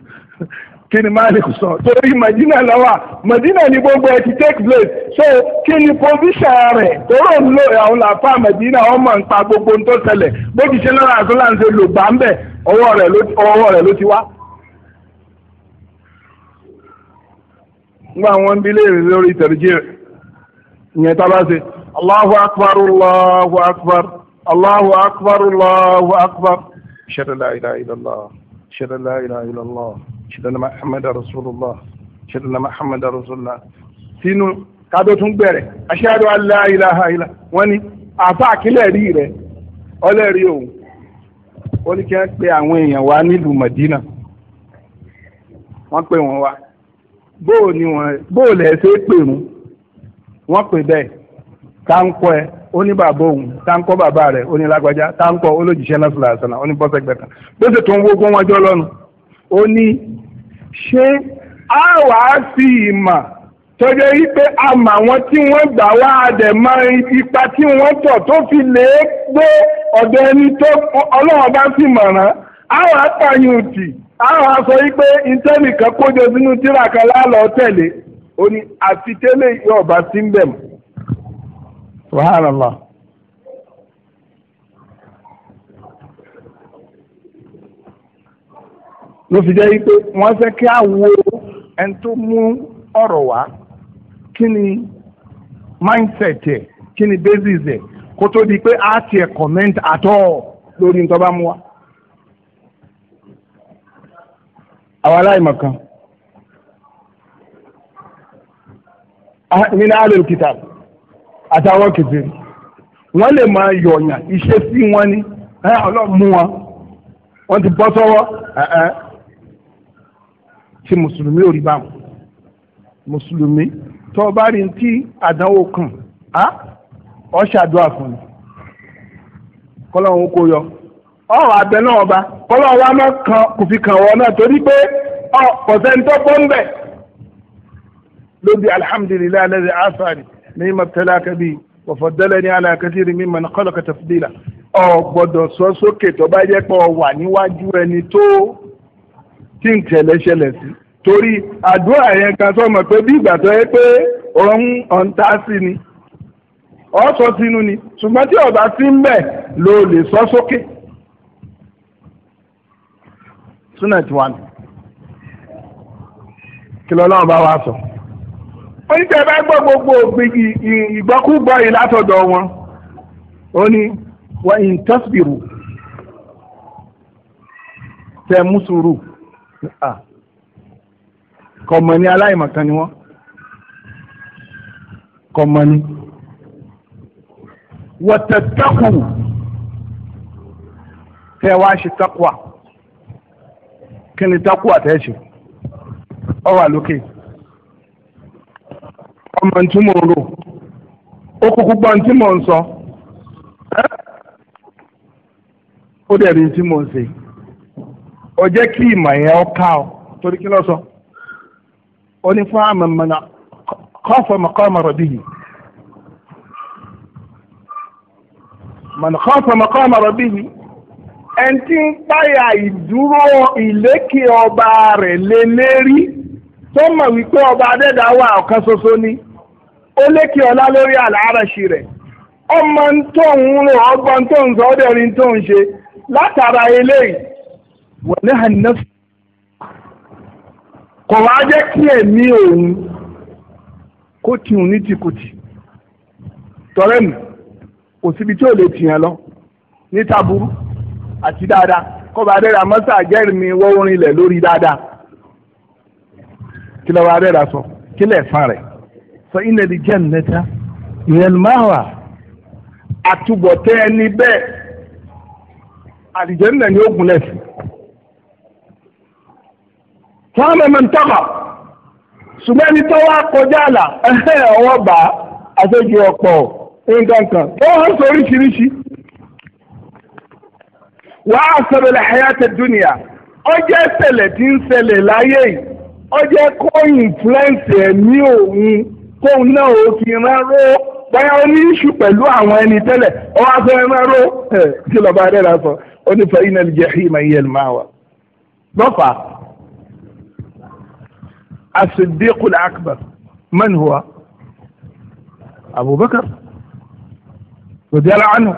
(laughs) kí ni Malik sọ torí Madina lọ́wọ́ Madina ni gbogbo ẹ ti take place so kini ni provision toro tóró ń lo àwọn làpá Madina ọmọ nǹpa gbogbo ń tó ṣẹlẹ̀ bó ti ṣe lọ́rọ̀ àtúnlá ń ṣe lò gbà ń bẹ̀ ọwọ́ ló ti wá. ngba àwọn bí léèrè lórí tẹ̀rẹ̀jẹ̀ ìyẹn tá ṣe Allahu akbar Allahu akbar Allahu akbar Allahu akbar. أشهد أن لا إله إلا الله أشهد أن لا إله إلا الله أشهد أن محمد رسول الله أشهد أن محمد رسول الله sínú kádó tún bẹ̀rẹ̀ aṣáájú aláìláhàílá wọ́n ní àfa àkílẹ̀ rí rẹ̀ ọlẹ́rí òun ó ní kí wọ́n pe àwọn èèyàn wá nílùú Madina wọ́n pe wọ́n wá bóò ni wọ́n bóò lẹ̀ ṣe é pè wọ́n wọ́n pè bẹ́ẹ̀ káńkọ́ ẹ ó ní bàbá òun táǹkọ́ bàbá rẹ̀ ó ní lágbájá táǹkọ́ olójìṣẹ́ náà sọ̀rọ̀ àṣànà ó ní bọ́sẹ̀gbẹ̀ kan bó ṣe tó ń wógún wọn jọ lọ́nu ó ní ṣé a wà á sí ìmọ̀ tọ́jọ́ yìí pé a mà wọ́n tí wọ́n gbà wá a dẹ̀ mọ ipa tí wọ́n tọ̀ tó fi lè gbé ọ̀dọ̀ ẹni tó ọlọ́run bá sì mọ̀ràn a wà pààyàn tì a wà sọ yìí pé intẹ́nì kan kójọ sínú tíra kan lálọ́ọ́ tẹ̀lé ó ní àfitẹ́lẹ̀ yóò bá sí ń bẹ̀ subhana allah. ló fi jẹ́ pé wọ́n fẹ́ kí á wo ẹni tó mú ọ̀rọ̀ wá kí ni mindset ẹ̀ kí ni basis ẹ̀ kó tó di pé á tiẹ̀ comment at all lórí nǹkan bá mú wa. àwa aláìmọ̀ kan. min alul kitab. àtàwọn kìtìrì wọ́n lè máa yọ̀yàn ìṣesí wọn ni ọlọ́run mú wọn ọ ti bọ́ sọ́wọ́ tí mùsùlùmí ò rí bá wọn mùsùlùmí tó bá rí àdánwò ọ ṣàdúrà fún mi kò yọ abẹ náà ọba kọ́lọ́run wa kò fi kàn náà torí pé ọ lóbi مما ابتلاك به وفضلني على كثير ممن خلق تفضيلا ọ gbọ́dọ̀ sọ sókè tó bá jẹ́ pé ọ wà níwájú ẹni tó tí ń tẹ̀lé ṣẹlẹ̀ sí torí àdúrà yẹn kan sọ mọ̀ pé bí ìgbà tó yẹ pé òun ọ̀ǹta sí ni ọ sọ sínú ni ṣùgbọ́n tí ọba sí ń bẹ̀ ló lè sọ sókè. súnà tí kí lọ́lọ́run bá wa sọ. So oníṣẹ́ bá gbọ́ gbogbo ìgbọ́kúgbọ́ yìí látọ̀dọ̀ wọn ó ní wọ́n in tasbiru tẹ mú sùúrù kọ̀mọ̀ ní aláìmọ̀kan ni wọ́n kọ̀mọ̀ ni wọ́tẹ̀tẹ̀kù tẹ wá ṣe tẹ́kùà kí ni tẹ́kùà tẹ́ ọ wà lókè. Okay ọmọ ntí mò ń rò ó kúkú gbọ́ ntí mò ń sọ ó dẹ̀ rí ntí mò ń ṣe ó jẹ́ kí ìmọ̀ yẹn ó ká ọ torí kí ló sọ ó ní fún àmọ̀ mọ̀nà kọ́fọ̀ mọ̀ kọ́ mọ̀rọ̀ bíyì mọ̀nà kọ́fọ̀ mọ̀ kọ́ mọ̀rọ̀ bíyì ẹni tí ń páyà ìdúró ìlékè ọba rẹ̀ lé lérí tó mọ̀ wípé ọba adẹ́dàá ọ̀kan ṣoṣo ni ó lékè ọlá lórí àlàárẹ̀ṣì rẹ̀ ọmọ tó ń rò ọgbọ́n tó ń sọ ọdẹrin tó ń ṣe látara eléyìí wọ́n ní hànẹ́fù kò wá jẹ́ kí ẹ̀mí òun kó tiun ní tìkùtì tọrẹ nù kò síbi tí ò lè tìyàn lọ ní taburú àti dáadáa kọba adẹ́rẹ́ amọ́sà jẹ́rìmí wọ́n orin ilẹ̀ lórí dáadáa kí lọ́wọ́ adẹ́rẹ́ sọ kí lẹ̀ fún rẹ̀ fa inna li jannata ìyẹn máwà àtúbọ̀tẹ́ ẹni bẹ́ẹ̀ àlìjẹ́nà ni ó gúnlẹ̀ sí. fáwọn ọmọ ntọ́kọ̀ ṣùgbọ́n ẹni tó wá kọjá àlà ọwọ́ bá àṣejù ọ̀pọ̀ nǹkan kan ó hàn sí oríṣiríṣi. wàá àṣọ̀rọ̀lẹ̀ hayata ń ṣẹlẹ̀ láyé yìí ọjọ́ kó influence ẹ̀mí òun kóun náà ò fi rán ró bóyá ó ní iṣu pẹ̀lú àwọn ẹni tẹ́lẹ̀ ó wá fẹ́ rán ró kí lọ́ba adẹ́rẹ́ sọ ó ní fa iná jahima hiya al-ma'wa lọ́fà as-siddiq al-akbar man huwa abubakar radiyallahu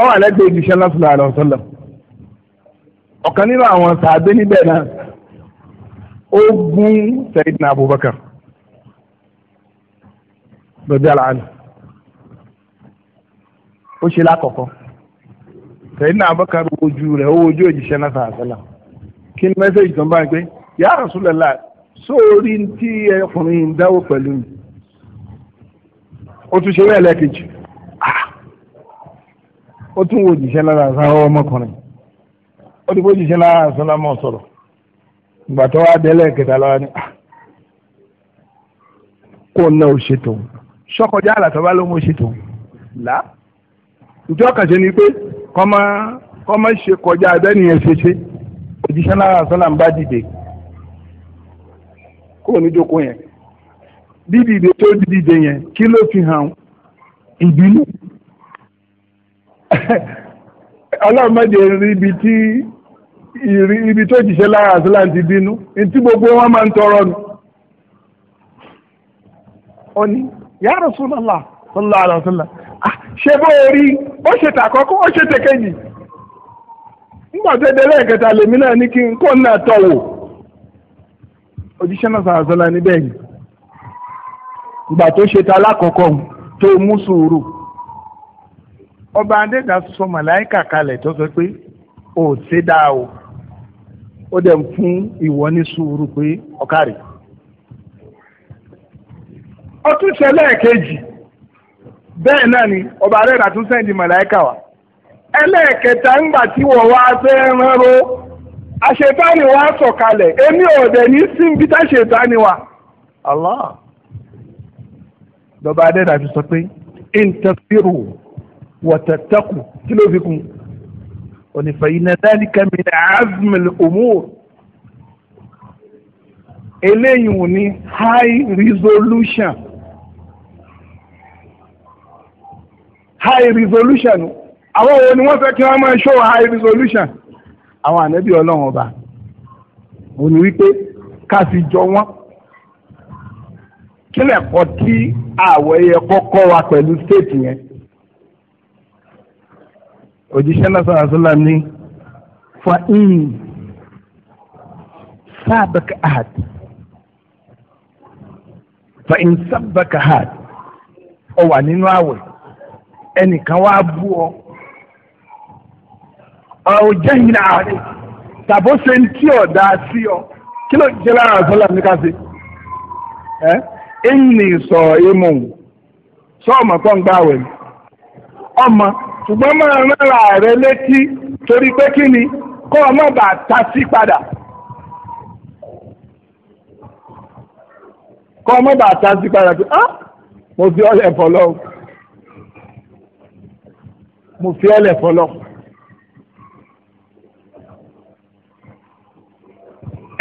ọ wà lẹ́gbẹ̀ẹ́ ìdíṣẹ́ lọ́sọ̀lá àlọ́ sọ́lọ́ ọ̀kan nínú àwọn sàbẹ́ níbẹ̀ náà. ogun sayidina abubakar lọ́jọ́ àlàáni ó ṣe lákọ̀ọ́kọ́ sayidina abubakar ojú rẹ̀ ó ojú òjíṣẹ́ náà sàásẹ́là kí ni mẹ́sẹ̀jì tó ń bá ń pé ya Rasulullah sóòrí tí ọkùnrin ń dáwó pẹ̀lú mi ó tún ṣe wẹ́ẹ̀ lẹ́ẹ̀kejì ah! ó tún wo òjíṣẹ́ náà sàásẹ́là ọmọkùnrin ó ti bó òjíṣẹ́ náà sàásẹ́là mọ́ sọ̀rọ̀. ìgbà tó wá délẹ̀ kẹta lọ́wọ́ ni ah, kó ná o ṣètò sọkọjá àlàtọ́ bá ló mú ṣètò là ìjọ kàṣẹ ni pé kọ́má kọ́má ṣe kọjá abẹ́nìyẹn ṣe ṣe òjíṣẹ́ náà sọ́nà ń bá dìde kó ní jókòó yẹn dídìde tó dídìde yẹn kí ló fi hàn ìbínú (laughs) ọlọ́mọdé rí ibi tí. ibi tó jíṣẹ́ lára àṣìlá ti bínú ntí gbogbo wọn máa ń tọrọ nù. Ọ ní ya Rasulullah sallallahu alaihi wasallam ah, ṣe bó o rí ó ṣe tàkọ́kọ́ ó ṣe tẹ̀kẹ́jì nígbà tó dé lẹ́ẹ̀kẹta lèmi náà ní kí n kó náà tọ̀ wò òjíṣẹ́ náà sallallahu alaihi níbẹ̀ yìí ìgbà tó ṣe ta lákọ̀ọ́kọ́ tó mú sùúrù ọba adéga sọ màláìkà kalẹ̀ tó ó dẹ̀ ń fún ìwọ ní sùúrù pé ọ̀kárì. ọtún ṣẹlẹ̀ kejì bẹ́ẹ̀ náà ni ọba rẹ̀ tún sẹ́ndì màláíkà wá ẹlẹ́ẹ̀kẹta ńgbà tí wọ́n wá fẹ́ ránró àṣetáni wa sọ̀kalẹ̀ èmi ò dẹ̀ ní síbi tá ṣètáni wa. Allah dọba adẹ́dàá fi sọ pé intafiru wọ̀tẹ̀tẹ̀kù kí ló fi kún un. onífẹ̀ yìí náà dáàlì kẹ́mìnà azmil umur eléyìí wò ní high resolution high resolution àwọn wo ni wọ́n fẹ́ kí wọ́n máa show high resolution àwọn ànábì ọlọ́run ọba òní wípé ká fi jọ wọ́n kílẹ̀ kọ́ tí àwọ̀ ẹ̀yẹ kọ́kọ́ wa pẹ̀lú state yẹn òjíṣẹ́ náà sọ̀rọ̀ sọ́lá ní fa in sábàkà ahad fa in sábàkà ahad ọ wà nínú àwẹ̀ ẹnìkan wá bú ọ ọ̀rọ̀ jẹ́ ìlà àárẹ̀ tàbó ṣe ń tí ọ̀dà sí ọ kí ló jẹ́ lára sọ́lá ní ká ṣe ẹ́ ẹ̀yìn ni sọ̀rọ̀ ẹ̀mọ̀ sọ́ọ̀mọ̀ kan gbà wẹ̀ ọmọ ṣùgbọ́n máa rẹ́ra rẹ létí torí pé kí ni kó o má bàa ta sí padà kó o má bàa ta sí padà pé ah mo fi ọlẹ̀ fọlọ́ mo fi ọlẹ̀ fọlọ́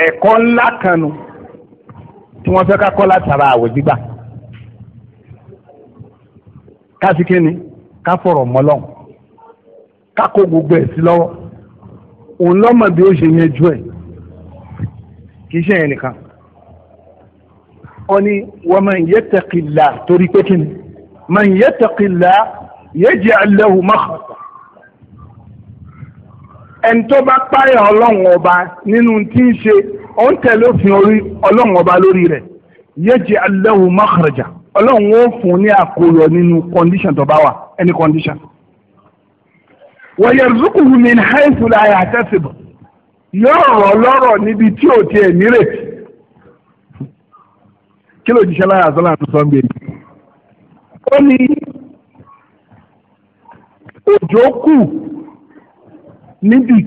ẹ̀kọ́ ńlá kan nu tí wọ́n fẹ́ ká kọ́ látara àwẹ̀ gbígbà ká ni ká fọ̀rọ̀ mọ́lọ́hùn kákó gbogbo ẹ̀ sí lọ́wọ́ òun lọ́mọ bí ó ṣe yẹn ju ẹ̀ kì í ṣe yẹn nìkan ó ní wọ́n máa ń yẹ tẹ̀kìlá torí pé kí ni máa ń yẹ tẹ̀kìlá yaj'al lahu makhraja ẹni tó bá páyà ọlọ́run ọba nínú tí ń ṣe ó tẹ̀lé òfin ọlọ́run ọba lórí rẹ̀ yaj'al lahu makhraja ọlọ́run ó fún ní àkóyọ nínú kọ́ndíṣàn tó bá wà ẹni kọ́ndíṣàn. wọ̀yẹ̀rùsùkùhù min haythu la yahtasib yóò rọ̀ lọ́rọ̀ níbi tí ò tiẹ̀ nírètí kí ló jíṣẹ́ láyà sọ́lá tó sọ́n gbèmí. ó ní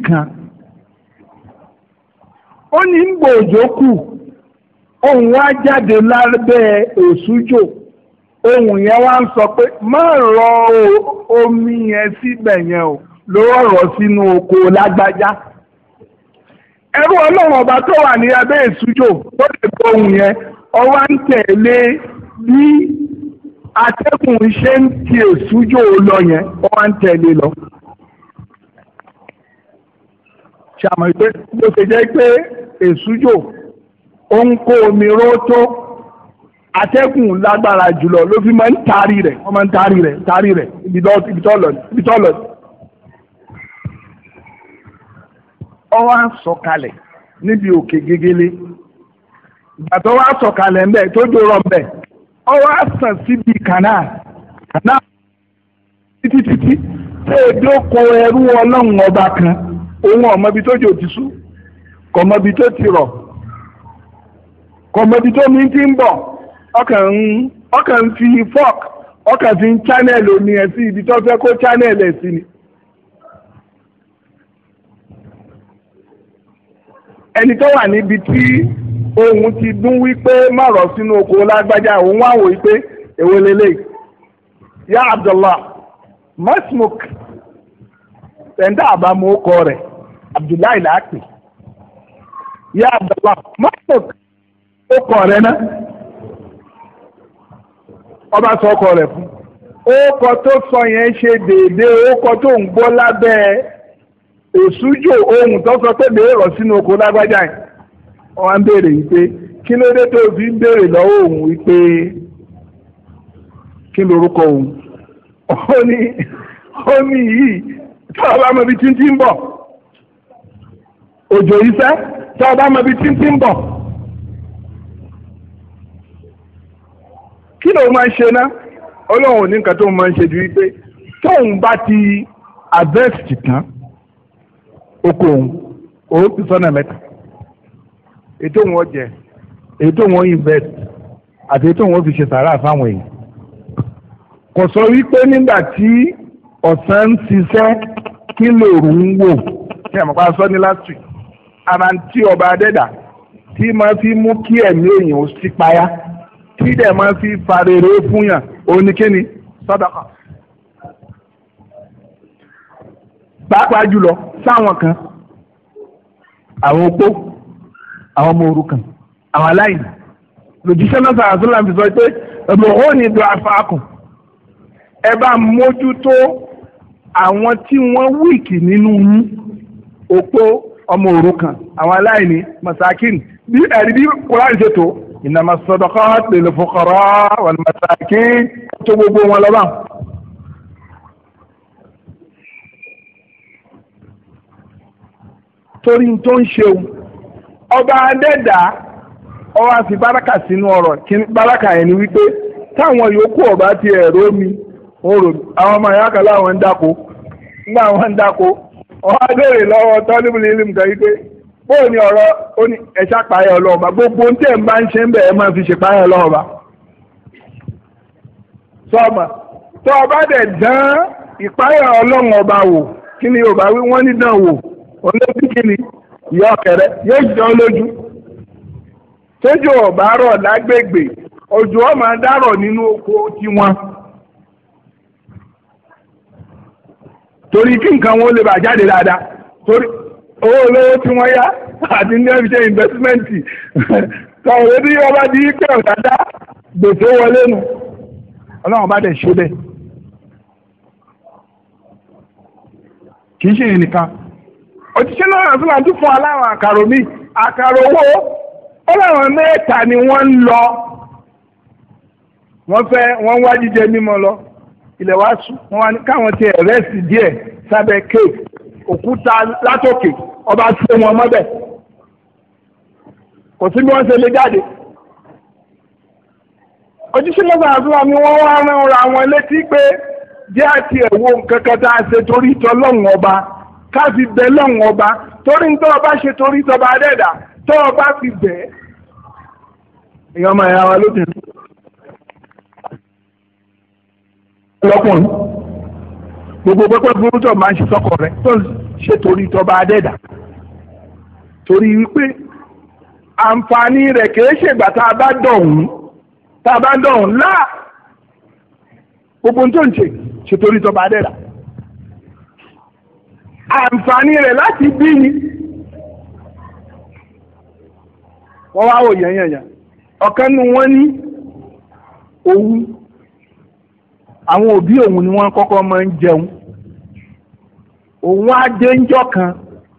kan wá ohun yẹn wá ń sọ pé má rọ omi yẹn síbẹ̀ yẹn o. ló rọ̀ sínú oko lágbájá ẹrú ọlọ́run ọba tó wà ní abẹ́ ìsújò tó lè gbọ́ ohun yẹn ọwá ń tẹ̀lé bí atẹ́kùn ṣe ń ti ìsújò lọ yẹn ọwá ń tẹ̀lé lọ. ṣàmọ̀ pé bó ṣe jẹ́ pé ìsújò ó ń kó omi rótó atẹ́kùn lágbára jùlọ ló fi máa ń taari rẹ̀ wọ́n ń taari rẹ̀ taari rẹ̀ ibi tó lọ ibi tó lọ. ọwọ́ á sọ̀kalẹ̀ níbi òkè gegele gbàtọ́ wá sọ̀kalẹ̀ ńbẹ̀ tó dòrọ̀ ńbẹ̀ ọwọ́ á sàn síbi kànáà kànáà títí títí tó èdè oko ẹrú ọlọ́run ọba kan òun ọ̀mọbi tó jò ti sú kọ̀mọbi tó ti rọ̀ kọ̀mọbi tó mi ti ń bọ̀ ọkàn ń ọkàn ń fi fọ́ọ̀k ọkàn fi ń channel òní ẹ̀ sí ibi tó fẹ́ kó chanel ẹ̀ sí ni. ẹni tó wà níbi tí ohun ti dún wípé má rọ̀ sínú oko lágbájá òun wá wò wípé èwo lélẹ̀ ya abdullah masmuk tẹ̀ńtà àbámu ọkọ rẹ̀ abdullahi làákì ya abdullah masmuk ọkọ rẹ̀ náà ọba sọ ọkọ rẹ̀ fún ọkọ tó sọ yẹn ṣe déédéé ọkọ tó ń gbọ́ lábẹ́ èsújò ohun tó sọ pé bèèrè rọ̀ sínú oko lágbájá yìí wọ́n á béèrè kí ló dé tó fi ń béèrè lọ́wọ́ òun kí lorúkọ òun ó ní ó ní yìí o bá mọ ibi tí ń bọ̀ òjò iṣẹ́ o bá mọ ibi ń bọ̀ kí ló máa ń ṣe ná ọlọ́run ò ní nǹkan tó máa bá ti harvest tán. oko òun ó ti sọ́nà mẹ́ta ètò òun ọ̀jẹ̀ ètò òun invest àti ètò òun fi ṣe sàrà fáwọn èèyàn kò sọ wípé nígbà tí ọ̀sán ń ṣiṣẹ́ kí lòrù ń wò ní àmọ́pá sọ ní last week ara tí ọba adẹ́dà tí máa fi mú kí ẹ̀mí èèyàn ó sì payá tí dẹ̀ máa fi farere fún yàn oníkéni sàdákà. pàápàá jùlọ sáwọn kan àwọn opó àwọn ọmọ òrukàn àwọn aláìní lòjíṣẹ́ náà sàrà tó láǹfi sọ pé ẹ̀mọ̀hó ni ìdọ̀ àfàákùn ẹ bá mójútó àwọn tí wọ́n wíìkì nínú yín opó ọmọ òrukàn àwọn aláìní masakin bí ẹ̀rí bí kúránì ṣe tó ìnàmà sọdọ̀kọ́ lè lè fọkọrọ́ wal masakin tó gbogbo wọn lọ́wọ́. torí tó ń ṣeun ọba adẹ́dà ọba fi sinu sínú ọ̀rọ̀ báràkà yẹn ni wípé táwọn yòókù ọba ti ẹ̀rọ mi àwọn ọmọ ìyá kan láwọn ń dáko nígbà wọn ń dáko ọba adẹ́rẹ̀ lọ́wọ́ tọ́lébùlì ìlú nǹkan yìí bóò ni ọ̀rọ̀ ó ní ẹ̀ṣá gbogbo ń bá ń ọba dẹ̀ dán ìpààyà wò kí ni yorùbá wí wọ́n ní olè kíkiri ìyá ọ̀kẹ́rẹ́ yóò jọ lójú tójú ọ̀bá rọ̀ lágbègbè òjò ọ̀ máa nínú oko tiwọn. torí kí nǹkan wọn lè bà jáde dáadáa torí owó olówó tí wọn yá àti ní ẹ̀fíṣẹ́ ìnvẹ́símẹ́ǹtì tọ̀wé bí ọba di pé ọ̀dàdá gbèsè wọlé nu ọlọ́run kì í ṣe nìkan òjíṣẹ́ náà fúlàní tún fún aláwọn àkàrò mi àkàrò owó ó láwọn mẹ́ta ni wọ́n ń lọ wọ́n fẹ́ wọ́n wá jíjẹ mímọ́ lọ ilẹ̀ wá sùn wọ́n wá ní káwọn ti rẹ́sì díẹ̀ sábẹ́ kéèkì òkúta látòkè ọba ṣe wọn mọ́bẹ̀ kò sí bí wọ́n ṣe lè jáde òjíṣẹ́ náà fúlàní ni wọ́n wá rán ra wọn létí pé jẹ́ àti ẹ̀wọ̀ nǹkan tá a ṣe torí ìtọ́lọ́run ọba ká fi bẹ lọ́hùn ọba torí ń tọ́ ọba ṣe torí tọba adẹ́dà tọ́ ọba fi bẹ̀ ẹ́. èèyàn ọmọ ẹ̀yà wa lóbìnrin. lọ́kùnrin gbogbo pẹ́pẹ́ burú tó máa ń ṣe sọ́kọ rẹ̀ tó ṣe torí tọba adẹ́dà torí wípé àǹfààní rẹ̀ kìí ṣègbà tá a bá dọ̀hún tá a bá dọ̀hún láà gbogbo tó ń ṣe ṣe torí tọba adẹ́dà àǹfààní rẹ̀ láti bí ni wọ́n wá wò yẹ̀yẹ̀yà ọ̀kan nu wọ́n ní òun àwọn òbí òun ni wọ́n kọ́kọ́ máa ń jẹun òun á dé ńjọ́ kan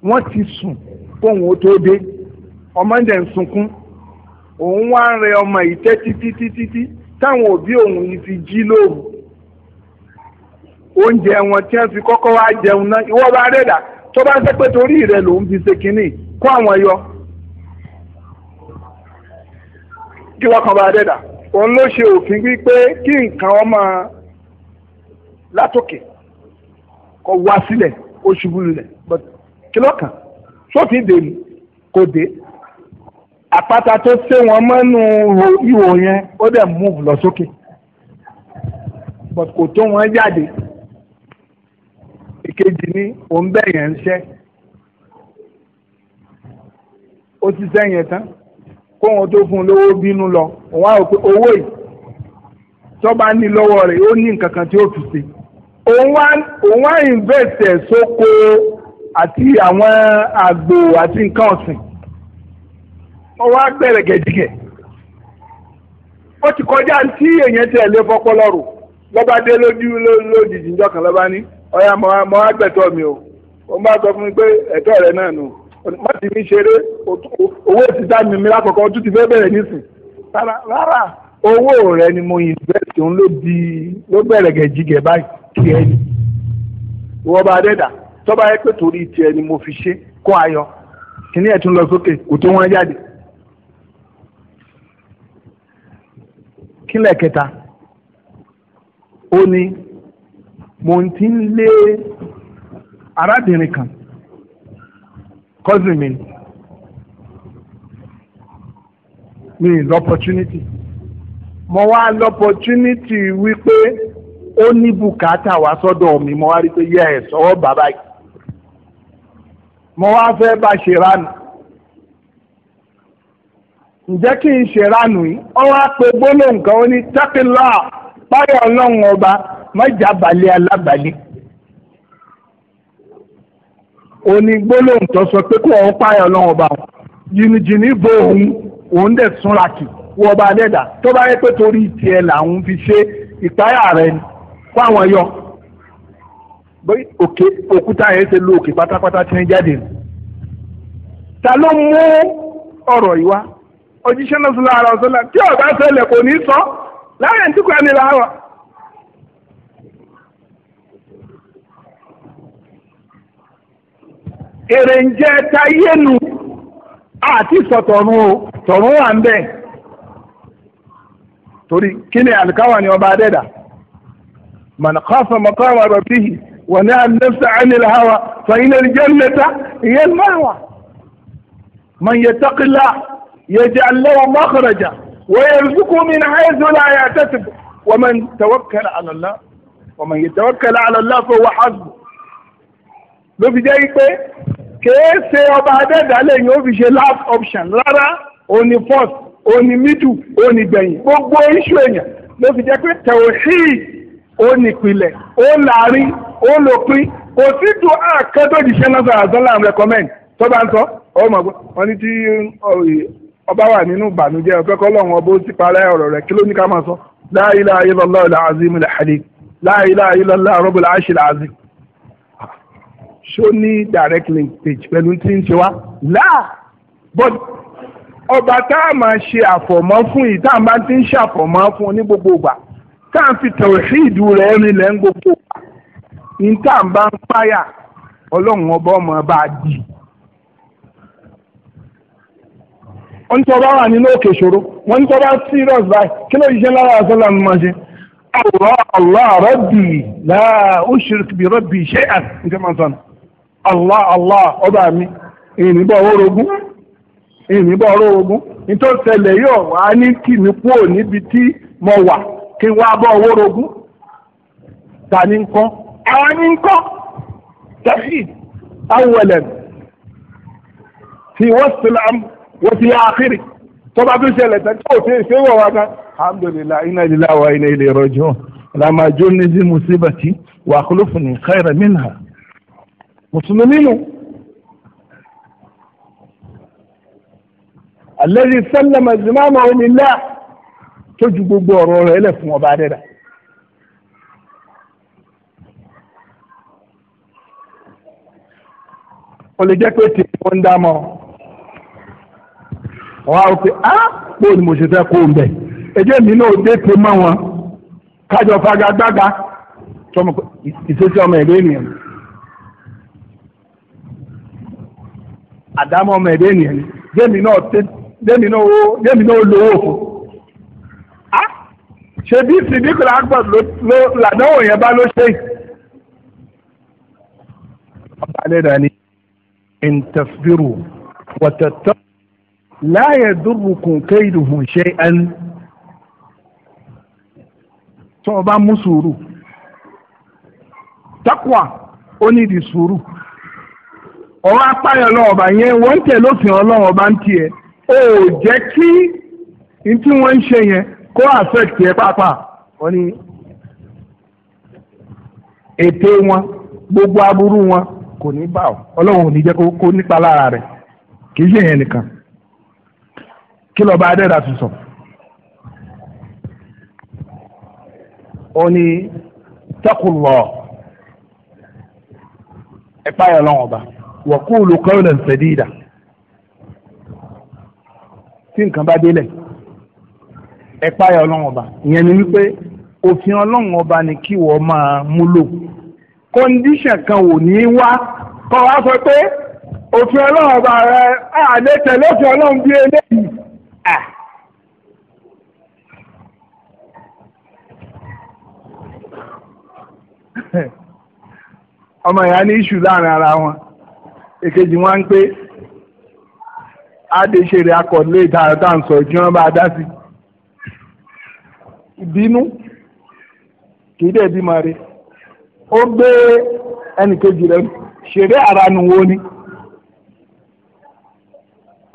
wọ́n ti sùn kóun ó tó dé ọmọ ẹ̀ ń sunkún òun wá ń rẹ ọmọ yìí títí títí táwọn òbí òun yìí fi jí lóru oúnjẹ wọn tí wọ́n fi kọ́kọ́ wá jẹun náà ìwọ bá rẹ̀dà tó bá ṣe pé torí rẹ̀ ló ń fi ṣe kínní kó àwọn yọ. kí wọ́n kan bá rẹ̀dà òun ló ṣe òfin wípé kí nǹkan ọmọ látòkè kó wá sílẹ̀ ó ṣubú lulẹ̀ kí lọ́kàn sófin dè kò dé àpáta tó ṣe wọn mọ́nú ihò yẹn ó dẹ̀ mú lọ sókè kò tó wọn jáde ìkejì ní òun bẹ̀yẹn ń ṣẹ́ ó ti sẹ́yìn tán kó wọn tó fún un lówó bínú lọ òun á rò pé owó yìí tọ́ba ní lọ́wọ́ rẹ̀ ó ní nǹkan kan tí ó fi ṣe òun wá invest sóko àti àwọn àgbò àti nǹkan ọ̀sìn wọ́n wá bẹ̀rẹ̀ gẹ̀dígẹ̀ ó ti kọjá tí èèyàn tẹ̀ lé fọpọlọ rò lọ́ba dé lójú lójijì níjọ́ kan lọ́ba ní ọ̀yà mọ̀ á gbẹ̀tọ̀ mi o wọ́n bá sọ fún mi pé ẹ̀tọ́ rẹ̀ náà nù má ti mi ṣeré owó ti dá mi mi lákọ̀ọ́kọ́ tún ti fẹ́ bẹ̀rẹ̀ nísìn rárá owó rẹ̀ ni mo invest òun ló di ló bẹ̀rẹ̀ gẹ̀jigẹ̀ báyìí kí ẹ ní wọ́n bá dẹ́dà tọ́ba yẹ pé torí tiẹ̀ ni mo fi ṣe kó ayọ̀ kíní ẹ̀ tún lọ sókè kò tó wọ́n jáde. kílẹ̀ kẹta ó ní mo ti lé arábìnrin kan cousin mi mi opportunity mo wá wípé ó ní bùkátà wá sọ́dọ̀ mi mo wá rí pé yes ọwọ́ bàbá yìí mo wá fẹ́ bá ṣe ránù ǹjẹ́ kí n ṣe ránù yìí ọ wá pe gbólóhùn kan ní ọba mọ́jà balẹ̀ alábàálẹ̀ òní gbólóhùn tó sọ pé kó ọ̀hún pààyàn lọ́wọ́ bá wọn jìnnìjìnnì bo òun òun dẹ̀ súnra kì wọ́n bá dẹ́dà tó bá yẹ pé torí tiẹ̀ làwọn fi ṣe ìpáyà rẹ̀ ni kó àwọn yọ òkè òkúta yẹn ṣe lu òkè pátápátá tí wọ́n jáde nù. ta ló mú ọ̀rọ̀ yìí wá òjíṣẹ́ náà sọ lára ọ̀sán náà tí ọ̀gá ṣẹlẹ̀ kò ní sọ láàrin tí kò ní láàrọ̀. èrè ń jẹ tayénu àti sọ̀tọ̀run o tọ̀run wà ń bẹ̀ torí kí ni àlùkáwà ni ọba adẹ́dà man khafa maqama rabbihi wa naha an-nafsa 'anil hawa fa inna al-jannata hiya al-ma'wa man yattaqillaha yaj'al lahu makhraja wa yarzuqhu min haythu la yahtasib wa man tawakkala 'ala Allah wa man yatawakkal 'ala Allah fa huwa hasbuh ló fi jẹ́ pé kèé ṣe ọba adẹ́dàálẹ̀ yìí ó fi ṣe last option rárá òní first òní middle òní gbẹ̀yìn gbogbo iṣu èèyàn ló fi jẹ́ pé tẹ̀wọ̀síì ònìpìlẹ̀ ònàárín ònòpin kò sí dùn àkàn tó jìṣẹ́ náà sọ̀rọ̀ àzọ́lá àwọn recommend tó bá ń sọ ọmọ ọgbọ́n wọn ní tí ọba wà nínú ìbànújẹ́ ọ̀fẹ́ kọ́ lọ́wọ́n ọba ó sì parẹ́ ọ̀rọ̀ rẹ̀ kí ló ní ká máa sọ la ilaha illallah al-azim al-halim la ilaha illallah rabbul arshil azim ṣó ní direct link page pẹ̀lú tí ń ṣe wá láà but ọba tá a máa ṣe àfọ̀mọ́ fún yìí tá a máa ti ń ṣàfọ̀mọ́ fún ní gbogbo ìgbà tá a fi tawhid rẹ̀ rinlẹ̀ ń gbogbo ìgbà ní tá a bá ń páyà ọlọ́run ọba ọmọ bá a dì. wọ́n ní tọ́ba wà nínú òkè ìṣòro wọ́n ní tọ́ba serious báyìí kí ló ṣiṣẹ́ lára àṣọlá mi máa ṣe. àwòrán Allah rabbi la ushrik bi rabbi shay'an nǹkan máa ń Allah Allah ọba mi ìrìnbọ̀ n'i ìrìnbọ̀ orogún nítorí tẹ̀lẹ̀ yóò wá ní kí mi kúrò níbi tí mo wà kí wá bọ́ orogún ta ni nǹkan àwọn ni nǹkan tẹ̀síd awọlẹ̀ tí wọ́n wọ́n ti yá àkìrì tó bá tún ṣẹlẹ̀ tẹ̀ tó ti ṣe wọ̀ wá musibati مسلمين الذي alladhi sallama zimamahu lillah tó ju gbogbo ọ̀rọ̀ rẹ̀ lẹ̀ fún ọba adẹ́dà. o lè jẹ́ pé tìǹbù ń dá mọ́ wọ́n á rò pé á kó ni mo ṣe fẹ́ kó o bẹ̀ ẹjẹ́ mi náà dé pé mọ́ wọn kájọ fagagbága tọmọ ìṣesí ọmọ ẹ̀rọ ènìyàn. àdámọ́ ọmọ ẹ̀dẹ́ ènìyàn ni jẹ́mi náà jẹ́mi náà ó jẹ́mi náà ó lówó fún. ṣe bí sidikula akpọ̀ ló làdánwò yẹn bá ló ṣe. ọba alẹ́dà ni ìntàfírù wọ̀tẹ̀tọ́ láyé dúrùkùn kéèdùhùn ṣe ẹn. tó o bá mú sùúrù takwa ó ní ìdí sùúrù. ọwọ́ apáyọ̀ ọba yẹn wọ́n tẹ̀ lófin ọba ń tiẹ̀ ó jẹ́ kí n tí wọ́n ń ṣe yẹn kó affect yẹ pàápàá wọ́n ní ète wọn gbogbo aburú wọn kò ní bá ọ ọlọ́run ò ní jẹ́ kó nípa lára rẹ̀ kì í ṣe yẹn nìkan kí lọ́ba adẹ́dà tún ọba. waqulu qawlan sadida tí nǹkan bá délẹ̀ ẹ páyà ọlọ́run ọba ìyẹn ni wípé òfin ọlọ́run ọba ni kí wọ́n máa múlò kọ́ndíṣàn kan ò ní wá kọ́ wá sọ pé òfin ọlọ́run ọba rẹ àlè tẹ̀lé òfin ọlọ́run bí eléyìí. (laughs) ọmọ ìyá ní iṣu láàrin ara wọn èkejì wọn ń pé adéṣeré akọ̀lé ìtàràtà ń sọ jí wọn bá dá sí ìbínú kì í dẹ̀ bímọ rẹ ó gbé ẹnì kejì rẹ ṣeré ara nu wo ni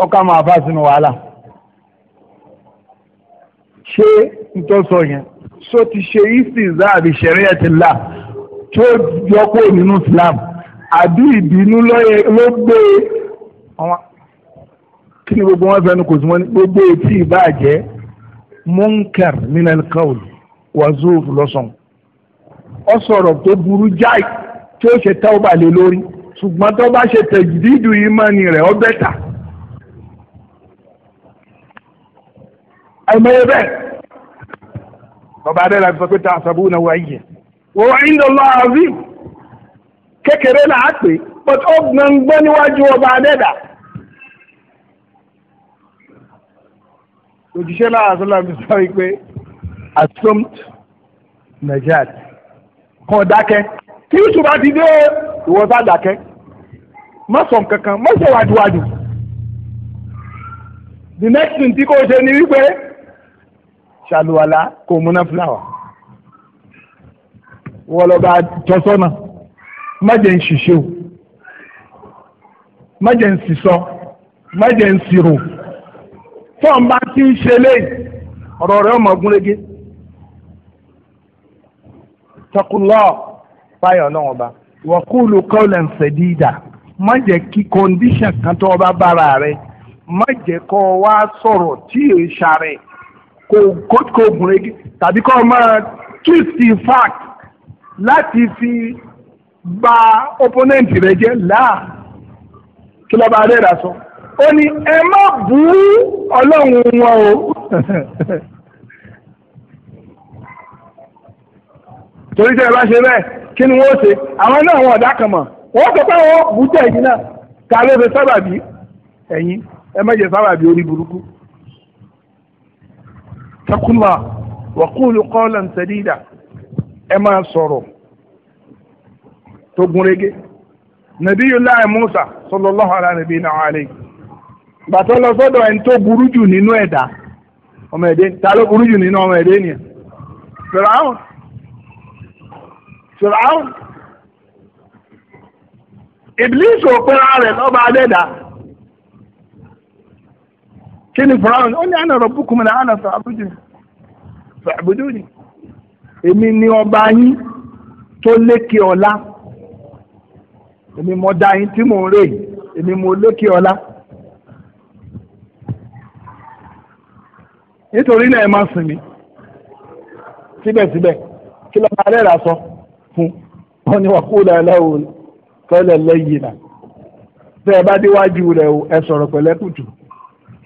ọkà máa bá sínú wàhálà ṣé ìtọ́sọ yẹn só ti ṣe ìsìn záàbì ṣẹ̀ríyà ti là tí ó yọ kúrò nínú Islam àbí ìbínú ló gbé e. wọn kí ni gbogbo wọn fẹnu kò sí wọn gbogbo etí ìbàjẹ́ munkar minal kaul wazuf lọ́sàn ọ sọ̀rọ̀ tó burú jáì tí ó ṣe tẹ́wọ́bà lé lórí ṣùgbọ́n tó bá ṣe tẹ̀jìdídù ìmọ̀ni rẹ̀ ọ bẹ́tà. àìmọye bẹ́ẹ̀ bàbá adéla sọ pé ta àṣàbù náà wáyé wọ́n wá ń lọ lọ́wọ́ àbí kékeré là á pè but ó gbọ̀ngbọ́n níwájú ọba adẹ́dà. òjíṣẹ́ láàásọ́lá mi sọ wípé assumed najad kan dákẹ́ kí yusuf bá ti dé ìwọ sá dákẹ́ má sọ kankan má sọ wàdùwàdù the next thing tí kò ṣe ni wípé ṣàlùwàlà kò múná fúláwà wọ́n lọ́ba tọ́sọ́nà má jẹ́ ń ṣiṣẹ́ o má jẹ́ ń sisọ má jẹ́ ń sirò fọ́ọ̀n bá ti ń ṣe lé ọ̀rọ̀ rẹ̀ ọmọ gúnrégé tọkùlọ́ báyọ̀ ọlọ́run ọba wọ́kúlù kọ́lẹ̀ ń sẹ̀dídà kí kọ́ndíṣàn kan tó ọba bára rẹ̀ má jẹ́ wá sọ̀rọ̀ tí èé ṣàrẹ̀ kò kò gúnrégé tàbí kọ́ máa twist fact láti fi ba opponent rẹ jẹ́ láà kí lọ́ba adéra sọ ó ní ẹ má bú ọlọ́run wọn o (laughs) torí tẹ́ ẹ bá ṣe bẹ́ẹ̀ kí ni wọ́n ṣe àwọn náà wọn ọ̀dà kan mọ̀ wọ́n sọ pé wọ́n bú tẹ̀ yín náà ta ló fi sábàbí ẹ̀yin ẹ má jẹ sábàbí orí burúkú takunwa wàkúlù kọ́ọ̀lù ṣẹ̀dídà ẹ máa sọ̀rọ̀. tó gún régé nabiyullahi musa sallallahu ala nabiyina alayhi gbàtọ́ lọ sọ́dọ̀ ẹni tó burú jù nínú ẹ̀dá ọmọ ẹ̀dẹ́ ta ló burú jù nínú ọmọ ẹ̀dẹ́ nìyẹn fìràhùn fìràhùn ìbílísì òpinra rẹ̀ lọ́ba kí ni fìràhùn ó ní àná rabbukum la àná fàbùdù fàbùdù ni èmi ni ọba yín tó lékè èmi mo dá yín tí mò ń rè yìí èmi mo lékè ọlá. nítorí náà ẹ máa sìn mí síbẹ̀síbẹ̀ kí ló máa rẹ́ra sọ fún wọn ni wàá kó lọ́ọ́ kọ́lẹ̀ lẹ́yìn náà tẹ́ ẹ bá déwájú rẹ̀ o ẹ sọ̀rọ̀ pẹ̀lẹ́kùtù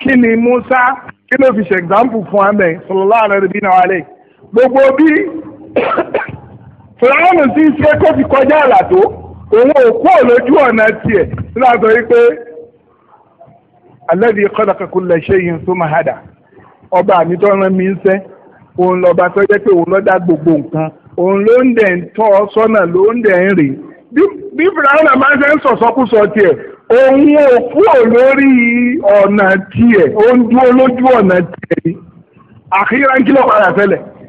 kí ni Musa kí ló fi ṣe example fún amẹ sọlọ́lá àrẹ rẹ̀ bí náà wálé gbogbo bí fìlànà tí ń ṣe kó fi kọjá àlà òun ò kúrò lójú ọ̀nà tiẹ̀ nígbà tó yí pé alladhi khalaqa kulla shay'in thumma hada ọba mi tó rán mi ń sẹ́ òun lọ́ba tó jẹ́ pé òun gbogbo nǹkan òun ló ń dẹ̀ ń tọ́ ọ sọ́nà ló ń dẹ̀ ń rè bí fúláwọ́nà máa ń fẹ́ ń sọ̀sọ́kùsọ tiẹ̀ òun ò kúrò lórí ọ̀nà tiẹ̀ òun dúró lójú ọ̀nà tiẹ̀ àkíyàn kí ló padà fẹ́lẹ̀.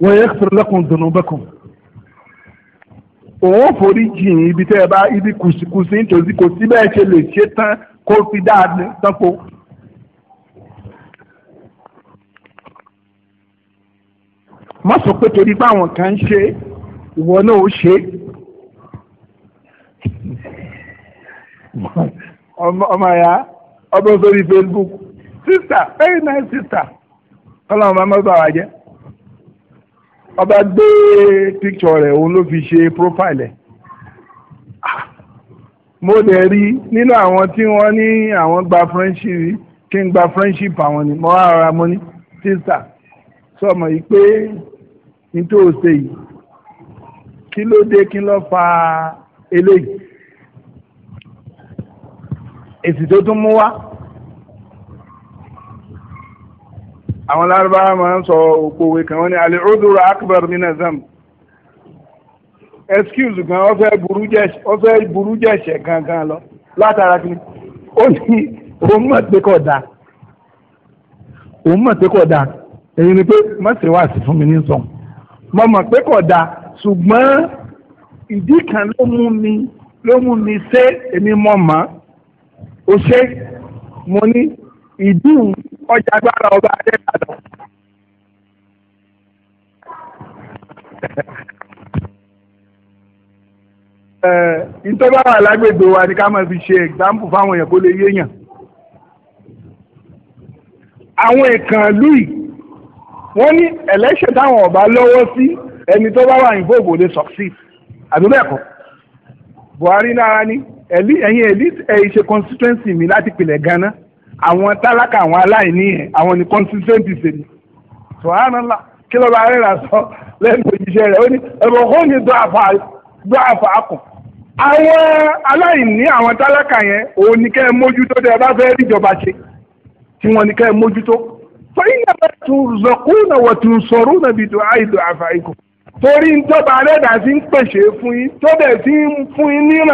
ويغفر لكم ذنوبكم òun forí jìn ibi tẹ́ ẹ bá ibi kùsìkùsì nítòsí kò sí bẹ́ẹ̀ ṣe lè ṣe tán kó fi dáadé tánpo. má sọ pé torí báwọn kan ń ṣe ìwọ náà ó ṣe ọmọ ya ọmọ sórí Facebook sister very nice sister ọlọ́run máa mọ́ bá wa jẹ́ ọba gbé picture rẹ̀ òun ló fi ṣe profile ẹ̀ ah, mo dẹ̀ rí nínú àwọn tí wọ́n ní àwọn gba friendship kí n gba friendship àwọn ni mo ara mo ní sister sọmọ yìí pé nítorí òsè yìí kí ló dé kí ló fa eléyìí èsì tó tún mú wá. àwọn lárúbáwá máa ń sọ òpòwe kan wọ́n ní alẹ́ ọdúnrún akbar mina zam excuse gan ó fẹ́ burú jẹ̀ṣẹ̀ gangan lọ látara kí ó ní òun mọ̀ pé kò dáa òun mọ̀ pé kò dáa èyí ni pé má ṣe wá sí fún mi ní sọ̀n mo mọ̀ pé kò dáa ṣùgbọ́n ìdí kan ló mú mi ló mú mi ṣe èmi mọ̀ mọ́ o ṣe mo ní ìdí ọjà agbára ọba adébàdàn. ìtọ́ba wà lágbègbè wa ni ká máa fi ṣe example fáwọn èèyàn kó lè yéèyàn. àwọn èèkàn lùì wọ́n ní election táwọn ọba lọ́wọ́ sí ẹni tó bá wà involve ò lè succeed àbí bẹ́ẹ̀ kọ́ Buhari náà ni ẹ̀yìn elite ẹ̀ ṣe constituency mi láti pilẹ̀ gan àwọn tálákà àwọn aláìní yẹn àwọn ní consistent ìsèlú subhanallah kí ló bá rírà sọ lẹ́nu òjíṣẹ́ rẹ̀ ó ní ẹ̀bùn òkú ni dọ́ àfà akùn àwọn aláìní àwọn tálákà yẹn òun ní kẹ́ ẹ mójútó tẹ́ ẹ bá fẹ́ ríjọba ṣe tí wọ́n ní kẹ́ ẹ mójútó fẹ́yìnàmọ́ tún zọkúnà wọ̀ tún sọ̀rọ̀ nàbí tó àìdò àfàìkò torí ń tọ́ba alẹ́dà sí ń pèsè fún yín tó dẹ̀ sí fún yín níran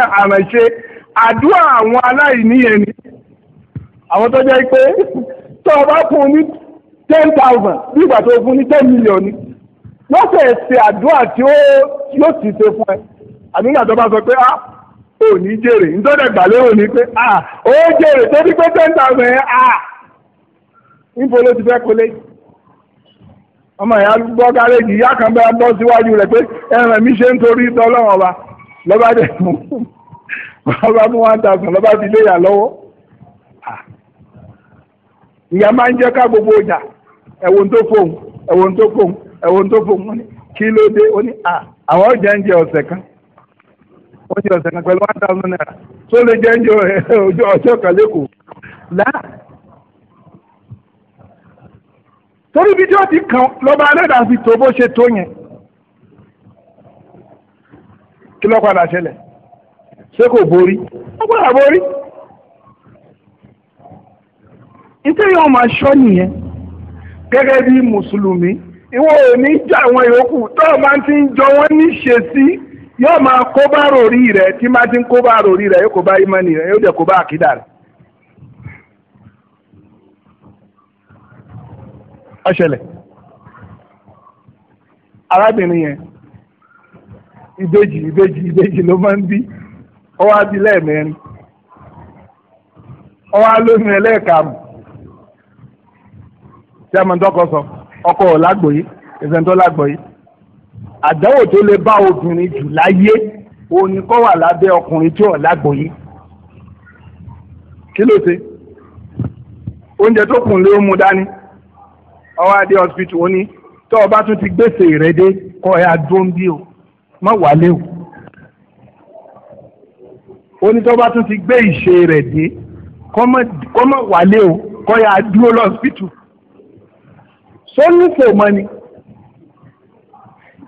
ni àwọn tó jẹ́ pé tó o bá fún un ní ten thousand bí ìgbà tó o fún ní ten million ni wọ́n fẹ́ ṣe àdúrà tí ó yóò sì ṣe fún ẹ àbí nígbà tó bá sọ pé ah ò ní jèrè nítorí ẹgbàá lérò ni pé ah ó jèrè tó ní pé ten thousand yẹn ah níbo ló ti fẹ́ kọ́lé ọmọ ìyá gbọ́ gáréèjì ìyá kan bá bọ́ síwájú rẹ̀ pé ẹran mi ṣe ń torí tọ́lọ́wọ́n ọba lọ́ba dẹ̀ mú ọba mú one thousand lọ́ba fi léyà lọ́wọ́ ah, ìyá máa ń jẹ́ ká gbogbo ọjà ẹ̀wọ̀n tó fóun ẹ̀wọ̀n tó fóun ẹ̀wọ̀n tó fóun wọ́n kí ló dé àwọn ọjà ń jẹ ọ̀sẹ̀ kan ó ní ọ̀sẹ̀ kan pẹ̀lú one thousand naira tó lè jẹ ọjọ́ eh, ọjọ́ kan lẹ́kọ̀ọ́ là torí bí ti kàn lọ́ba alẹ́dà fi tó bó ṣe tó nítorí wọn máa ṣọ́ nìyẹn gẹ́gẹ́ bí mùsùlùmí ìwọ ò ní jẹ́ àwọn yòókù tó o ti ń jọ wọn ní ṣe sí yóò máa kó bá tí máa ti ń kó bá ròrí rẹ̀ yóò kó bá imani rẹ yóò dẹ̀ kó bá àkídà rẹ ọ̀ṣẹ̀lẹ̀ tí a máa ń tọkọ sọ ọkọ ò lágbòye ìfẹ̀ntọ́ lágbòye àdánwò tó lè bá obìnrin jù láyé òun ni kó wà lábẹ́ ọkùnrin tí ò lágbòye kí ló ṣe oúnjẹ tó kùn lé ó mu dání ọwọ́ adé hospital ó ní tó o bá tún ti gbèsè rẹ dé kọ́ ẹ adún o má wálé o ó tó bá tún ti gbé ìṣe rẹ dé kọ́ wálé o kọ́ ẹ adúró lọ́sítù tó ní kò mọ ni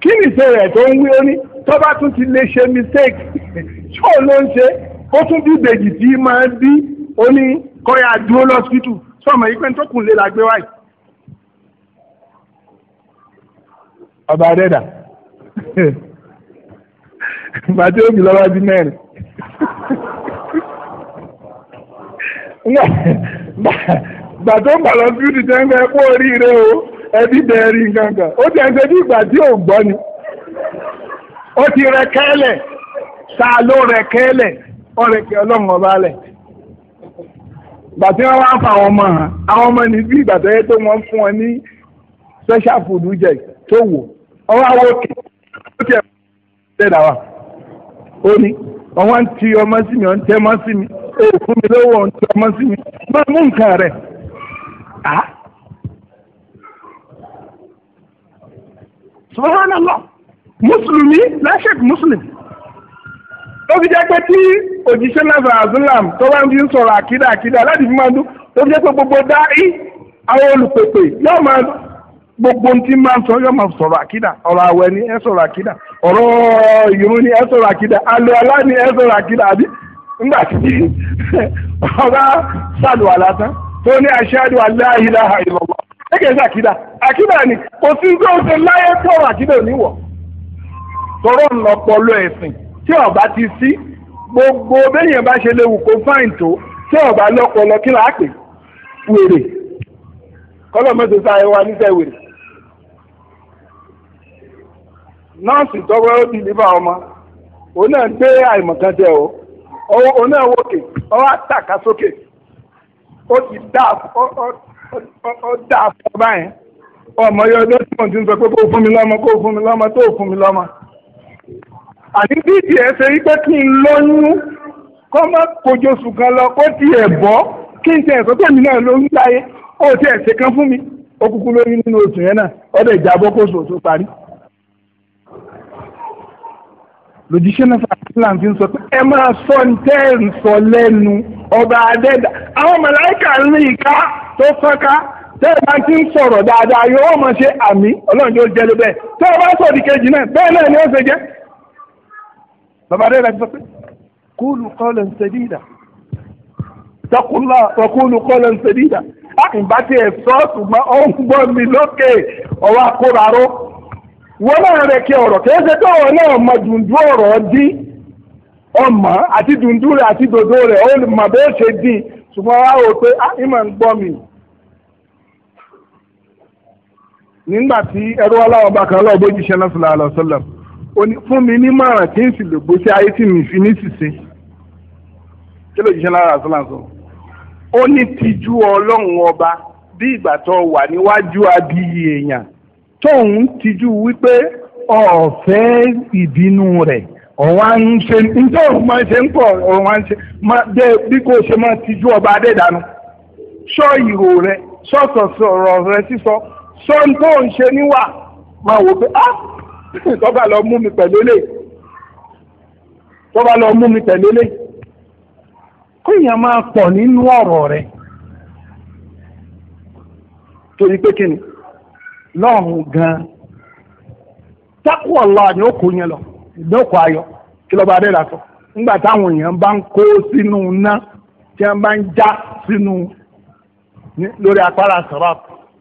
kí ni ìṣe rẹ̀ tó ń wí ó ní tó bá tún ti lè ṣe mistake (laughs) ṣó ló ń ṣe ó tún bí ìbejì tí máa bí ó ní kọ́ya dúró lọ́sítù sọmọ yìí pé tó kùn lè la gbé wáyìí. ọba adẹ́dà (laughs) bàtí òbí lọ́wọ́ di mẹ́rin gbàtó (laughs) balọ̀ fídì tẹ́ ń bẹ kú oríire o ẹbí bẹ̀rẹ̀ gangan ó ti ẹsẹ̀ bí ìgbà tí ò gbọ́ ni ó ti rẹ kẹ́lẹ̀ ta ló rẹ kẹ́lẹ̀ ọ̀rẹ́kẹ́ ọlọ́run ọba lẹ̀ ìgbà tí wọ́n wá ń fa àwọn ọmọ hàn àwọn ọmọ ní bí ìgbà tó yẹ tó wọ́n fún ọ ní special food jẹ tó wò ọwọ́ àwọn òkè ó ti ẹ̀ ṣẹ̀dá wa ó ní ọwọ́ ń ti ọmọ sí mi ọ̀ ń tẹ́ ọmọ sí mi ó fún mi lówó ọ̀ ń tẹ́ ọmọ sí mi máa mú nǹkan rẹ̀ á. subhanallah mùsùlùmí láṣẹk mùsùlùmí ó fi jẹ́ pé tí òjíṣẹ́ náà azulam tó bá ń fi sọ̀rọ̀ àkídà àkídà láti fi máa dún ó fi jẹ́ pé gbogbo dáí àwọn olùpèpè yóò máa gbogbo ohun tí máa ń sọ yóò máa sọ̀rọ̀ àkídà ọ̀rọ̀ àwẹ̀ ni ẹ sọ̀rọ̀ àkídà ọ̀rọ̀ ìrun ni ẹ sọ̀rọ̀ àkídà alẹ́ ọlá ni ẹ sọ̀rọ̀ àkídà àbí ńgbà tí (laughs) ọba sàlùwà látàn tó ní ashadu an la ilaha ẹ̀kẹ́ sí àkídà àkídà ni kò sí tó ń ṣe láyé tọrọ àkídà oníwọ̀ tọrọ ńlọpọlọ ẹ̀sìn tí ọba ti sí gbogbo béèyàn bá ṣe léwu kó fáìn tó tí ọba lọpọlọ kí là á pè wèrè kọlọ mẹsẹ sáré wa níṣẹ́ wèrè nọ́ọ̀sì tọwọ ó di nípa ọmọ òun náà gbé àìmọ̀kan jẹ o òun náà wòkè ọwọ́ àtàkà sókè ó ti dá ọ ó dà fún ọba yẹn ọmọ yọ ọdún tí mo ti ń sọ pé kó fún mi lọ́mọ kó fún mi lọ́mọ tó fún mi lọ́mọ. àní bí tiẹ̀ ṣe rí kí n lóyún kọ́ mọ́ kojoṣù kan lọ kó tiẹ̀ bọ́ kí n tiẹ̀ sọ pé mi náà lóyún láyé ó tiẹ̀ ṣe kan fún mi ó kúkú lóyún nínú oṣù yẹn náà ọdẹ ìjàbọ̀ kó oṣù tó parí. lòjíṣẹ́ náà fàtàlà fi ń sọ pé ẹ máa sọ ní tẹ́ sọ lẹ́nu ọba adẹ́dà àwọn màláìkà ń rí ká. tó fọ́nká tẹ́lẹ̀ bá ti ń sọ̀rọ̀ dáadáa yóò mọ̀ ṣe àmì ọlọ́run yóò jẹ́ lébẹ̀ o bá sọ̀rọ̀ ìkejì náà bẹ́ẹ̀ náà ni ó ṣe jẹ́. bàbá rẹ̀ láti sọ pé kúlù kọ́lẹ̀ ń sẹ́díìdà tọkùnlá ọkùnlù kọ́lẹ̀ ń sẹ́díìdà á ìbá ti ẹ̀ sọ́ ṣùgbọ́n ó ń gbọ́ mi lókè ọ̀rọ̀ akóraró wọn náà rẹ̀ kí ọ̀rọ̀ kìí ṣe ọmọ àti dùndú rẹ̀ àti dodo rẹ̀ ó mọ̀ bó ṣe dín ṣùgbọ́n wá wò pé ah, ìmọ̀ ń gbọ́ mi nígbà tí ẹrú ọlọ́wọ́ bá kan lọ́ọ́ bójú ṣe náà sọ̀rọ̀ àlọ́sọ̀lọ̀ fún mi ní mọ̀ràn tí ń sì lè gbó sí ayé tí mi fi ní ṣìṣe kí ló jíṣẹ́ lára àṣọ làǹṣọ. ó ní tijú ọlọ́run ọba bí ìgbà tó wà níwájú abiyì èèyàn tóun tijú wípé ọ̀fẹ́ ìbínú rẹ̀ Ọwa nse ṣe níjẹ́ nse nkọ ń ṣe ń pọ̀ ọ̀wá ń ṣe bẹ́ẹ̀ bí ọba adédànù sọ ìrò rẹ sọ̀sọ̀sọ̀rọ̀ rẹ sísọ sọ ń tó ń ṣe níwà máa wò pé ah tọ́ba lọ mú mi pẹ̀lú lè tọ́ba lọ mú mi pẹ̀lú lè kéèyàn máa pọ̀ nínú ọ̀rọ̀ rẹ torí pé kí ni lọ́rùn gan-an tákùwọ̀ ni ó kò yẹn lọ. ìdọ́kọ̀ ayọ̀ kí lọ́ba adé làtọ̀ nígbà táwọn èèyàn bá ń kó sínú ná tí wọ́n bá ń já sínú lórí apára sọ̀rọ̀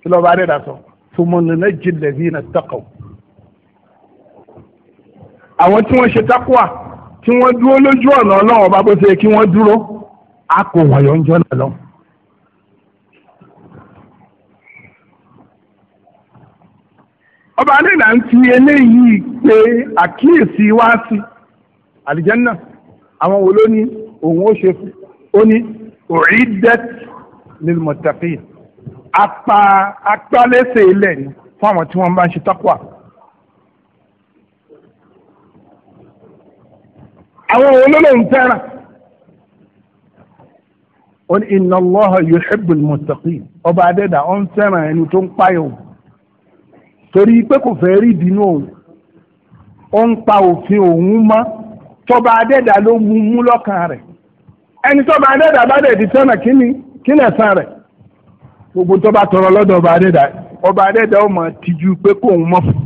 kí lọ́ba adé làtọ̀ tùmọ̀nù náà jìnlẹ̀ bí iná tọkọ̀. àwọn tí wọ́n ṣe tákùwà tí wọ́n dúró lójú ọ̀nà ọlọ́run ọba bó ṣe kí wọ́n dúró á kò wọ̀nyọ̀ ń lọ́wọ́. ọba alẹ́là ń fi eléyìí pé àkíyèsí wá sí àlìjẹ́nà àwọn wo ló ní òun ó ṣe fún ó ní u'iddat lil muttaqin apá apálẹ́sẹ̀ ilẹ̀ ni fún àwọn tí wọ́n bá ń ṣe taqwa. àwọn olólùfẹ́ fẹ́ràn ó ní inna Allaha yuhibbul muttaqin ọba adẹ́dà ó ń fẹ́ràn ẹni tó ń páyọ̀ torí pé kò fẹ́ rí ìbínú òun ó ń pa òfin òun mọ́ tọba adẹ́dà ló mú mú lọ́kàn rẹ̀ ẹni tọba adẹ́dà bá dẹ̀ di sọ́nà kíni kíni ẹ̀sán rẹ̀ gbogbo tọba tọrọ lọ́dọ̀ ọba adẹ́dà ọba adẹ́dà ó mọ̀ tìjú pé kò ń mọ̀ fún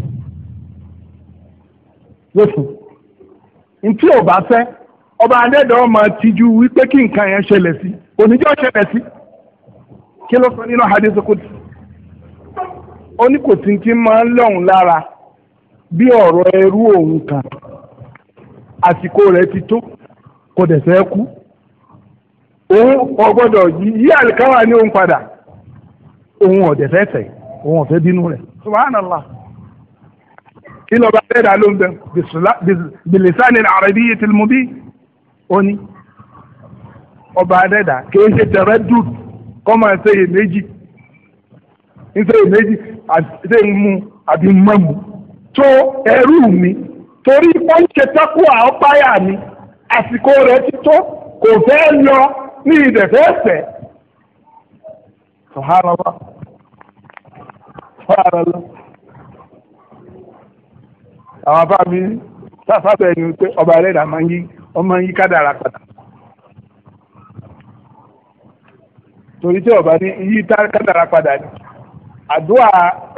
yóò ntí ò bá fẹ́ ọba adẹ́dà ó mọ̀ tìjú wípé kí nǹkan yẹn ṣẹlẹ̀ sí oníjọ́ ṣẹlẹ̀ sí kí ló sọ nínú hadith kùtù ó ní kò tí ń tí máa ń lọ́hùn lára bí ọ̀rọ̀ ẹrú òun kan àsìkò rẹ̀ ti tó kò dẹ̀ fẹ́ kú òun ọgbọ́dọ̀ yí àlìkáwà ní òun padà òun ọ̀dẹ̀ fẹ́ tẹ̀ òun ọ̀fẹ́ bínú rẹ̀ subhanallah kí lọ́ba bẹ́ẹ̀dá ló ń bẹ bilisani arabiyyatil mubin ó ní ọba adẹ́dà kì í ṣe tẹ̀rẹ́ dùn kọ́ máa ṣe iyèméjì nítorí méjì àti mú àbí mọ́mu tó ẹrú mi torí oúnjẹ tako àọ́páyà mi àsìkò rẹ̀ ti tó kò fẹ́ lọ ní ìdẹ̀fẹ́fẹ́ sọ̀hárọ̀lá sọ̀hárọ̀lá àwọn bá mi sáfàbẹ̀ ni pé ọba ẹlẹ́dà máa ń yí ọmọ yí kádàrà padà torí tí ọba ní yí kádàrà padà ni àdúrà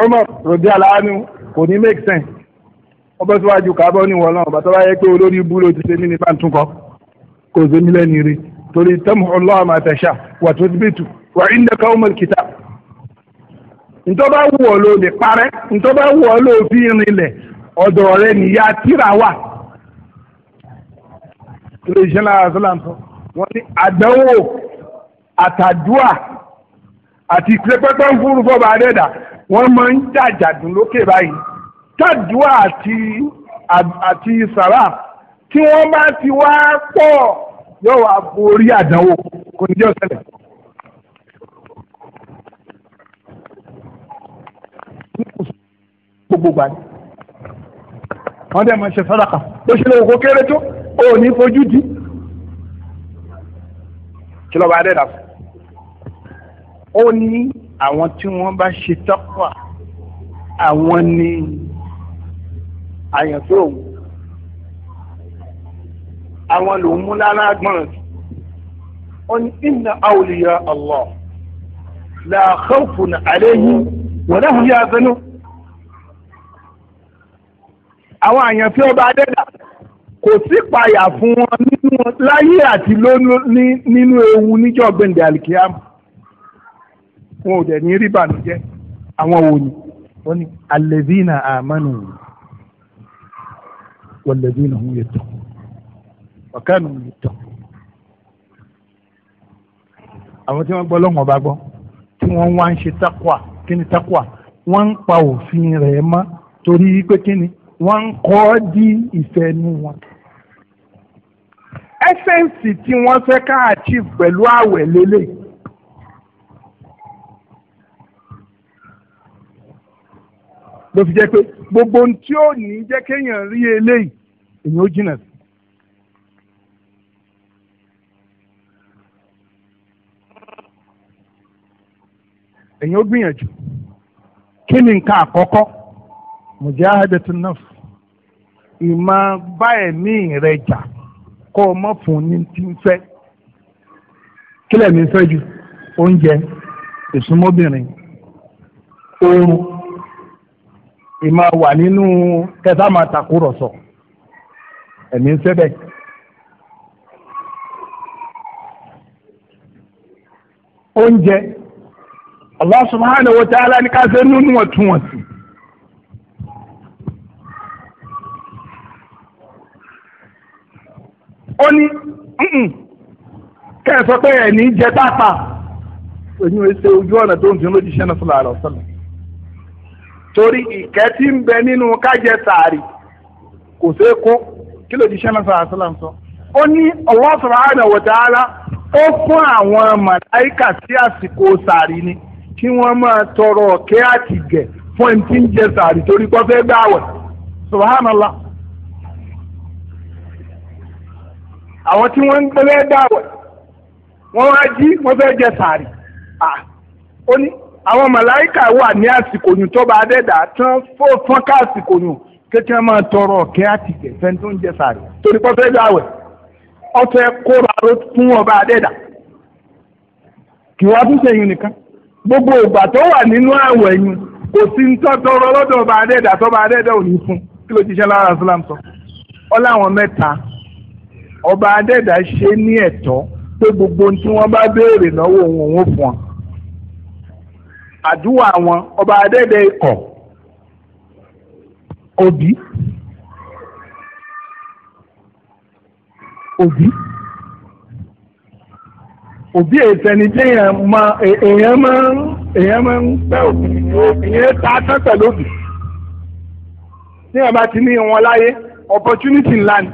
Umar rodi alaanu kò ní make sense wọ́n bẹ́ síwájú kábọ́ ní wọ́n náà bàtà bá yẹ pé olórí ibú ló ti ṣe mí ní bàtúkọ kò ṣe mí lẹ́nu rí torí tẹ́mu Allah ma tasha wà tó ti bìtù wà indaka umar kitab. ntọ́ bá wù ọ́ ló lè parẹ́ ntọ́ bá wù ọ́ ló fi rinlẹ̀ ọ̀dọ̀ rẹ nìyá tíra wà. ilé iṣẹ́ náà sọ́lá ń sọ wọ́n ní àdánwò àtàdúà àti pẹ́pẹ́ ń fúru fọba adẹ́dà wọ́n máa ń jàjàdùn lókè báyìí tàdúà àti àti sàrà tí wọ́n bá ti wá pọ̀ yóò wá borí àdánwò kò ní jẹ́ ọ̀sẹ̀lẹ̀. wọ́n dẹ̀ máa ṣe sàdákà ó ṣe lóko kéré tó ó ní fojú di kí lọ́ba adẹ́dà fún ó ní àwọn tí wọ́n bá ṣe tọ́pọ̀ àwọn ni àyànfẹ́ òun àwọn lòún mú lára gbọ́n ó ní inna awliya Allah la khawfun alayhim wa lahum yahzanun àwọn àyànfẹ́ ọba adẹ́dà kò sí payà fún wọn nínú láyé àti lónú nínú ewu níjọ́ gbẹ̀ǹdẹ̀ àlìkíyàmù wọn ò dẹ̀ ní rí bànújẹ́ àwọn wò ni wọ́n ní alẹ́bínà àmánu wọlẹ́bínà ń yẹ tọ̀ ọ̀kánù ń yẹ tọ̀ àwọn tí wọ́n gbọ́ lọ́wọ́ bá gbọ́ tí wọ́n wá ń ṣe takwa kí ni takwa wọ́n ń pa òfin rẹ̀ mọ́ torí pé kí ni wọ́n ń kọ́ di ìfẹ́ nu wọn. ẹsẹ̀nsì tí wọ́n fẹ́ ká pẹ̀lú àwẹ̀ lélẹ̀ ló fi jẹ́ pé gbogbo ohun tí ó ní jẹ́ kéèyàn rí eléyìí èyàn ó jìnà sí. èyàn ó gbìyànjú kí ni nǹkan àkọ́kọ́ mujahadatun nafs ìmọ̀ bá ẹ̀mí rẹ̀ jà kó o mọ̀ fún ní ti ń fẹ́ kílẹ̀ mi fẹ́ ju oúnjẹ ìsúnmọ́bìnrin oorun ìmọ̀ wà nínú kẹta máa takùrọ̀sọ ẹ̀mí ń sẹ́bẹ̀. oúnjẹ Allah subhanahu wa ta'ala ní ká ṣe nínú ọ̀túnwọ̀sì. ó ní kẹ́ ẹ̀ sọ pé ẹ̀ ní jẹ tápà. èyí ò ojú ọ̀nà tó ń dín lójúṣẹ́ náà sallallahu alaihi wasallam. torí ìkẹ́ tí ń bẹ nínú kájẹ sàárì kò sí kó kí ló di sẹ́nà sàrà sọ́là sọ. ó ní Allah subhanahu wa ta'ala ó fún àwọn màláìkà sí àsìkò ni kí wọ́n máa tọrọ ọ̀kẹ́ àti fún ẹni tí ń jẹ sàárì torí kọ́ fẹ́ subhanallah. àwọn tí wọ́n ń gbẹ́lẹ́ wọ́n wá jí wọ́n fẹ́ jẹ sàárì. ó àwọn màláìkà wà ní àsìkò yùn tó bá dẹ́dà tán fọ́n ká àsìkò yùn kékeré máa tọrọ ọ̀kẹ́ àti ìgbẹ̀fẹ́ tó ń jẹ sàrẹ̀ torí pọ́fẹ́ dáwẹ̀ ọ̀fẹ́ kóra ló fún ọba dẹ́dà kì wá tún sẹ́yìn nìkan gbogbo ìgbà tó wà nínú àwẹ̀ yùn kò sí ń tọ́ tọrọ lọ́dọ̀ ọba dẹ́dà tọ́ba dẹ́dà ò ní fún kí ló jíṣẹ́ lára islam sọ ọ láwọn mẹ́ta ọba dẹ́dà ṣe ní ẹ̀tọ́ pé gbogbo ohun tí wọ́n bá béèrè lọ́wọ́ òun òun fún wọn àdúrà wọn ọba adẹ́dẹ́ ikọ̀ òbí òbí òbí ètẹni tí èèyàn máa èèyàn máa èèyàn máa ń pẹ́ òbí èèyàn ta tán pẹ̀lú òbí tí èèyàn bá ti ní wọn láyé opportunity ńlá ni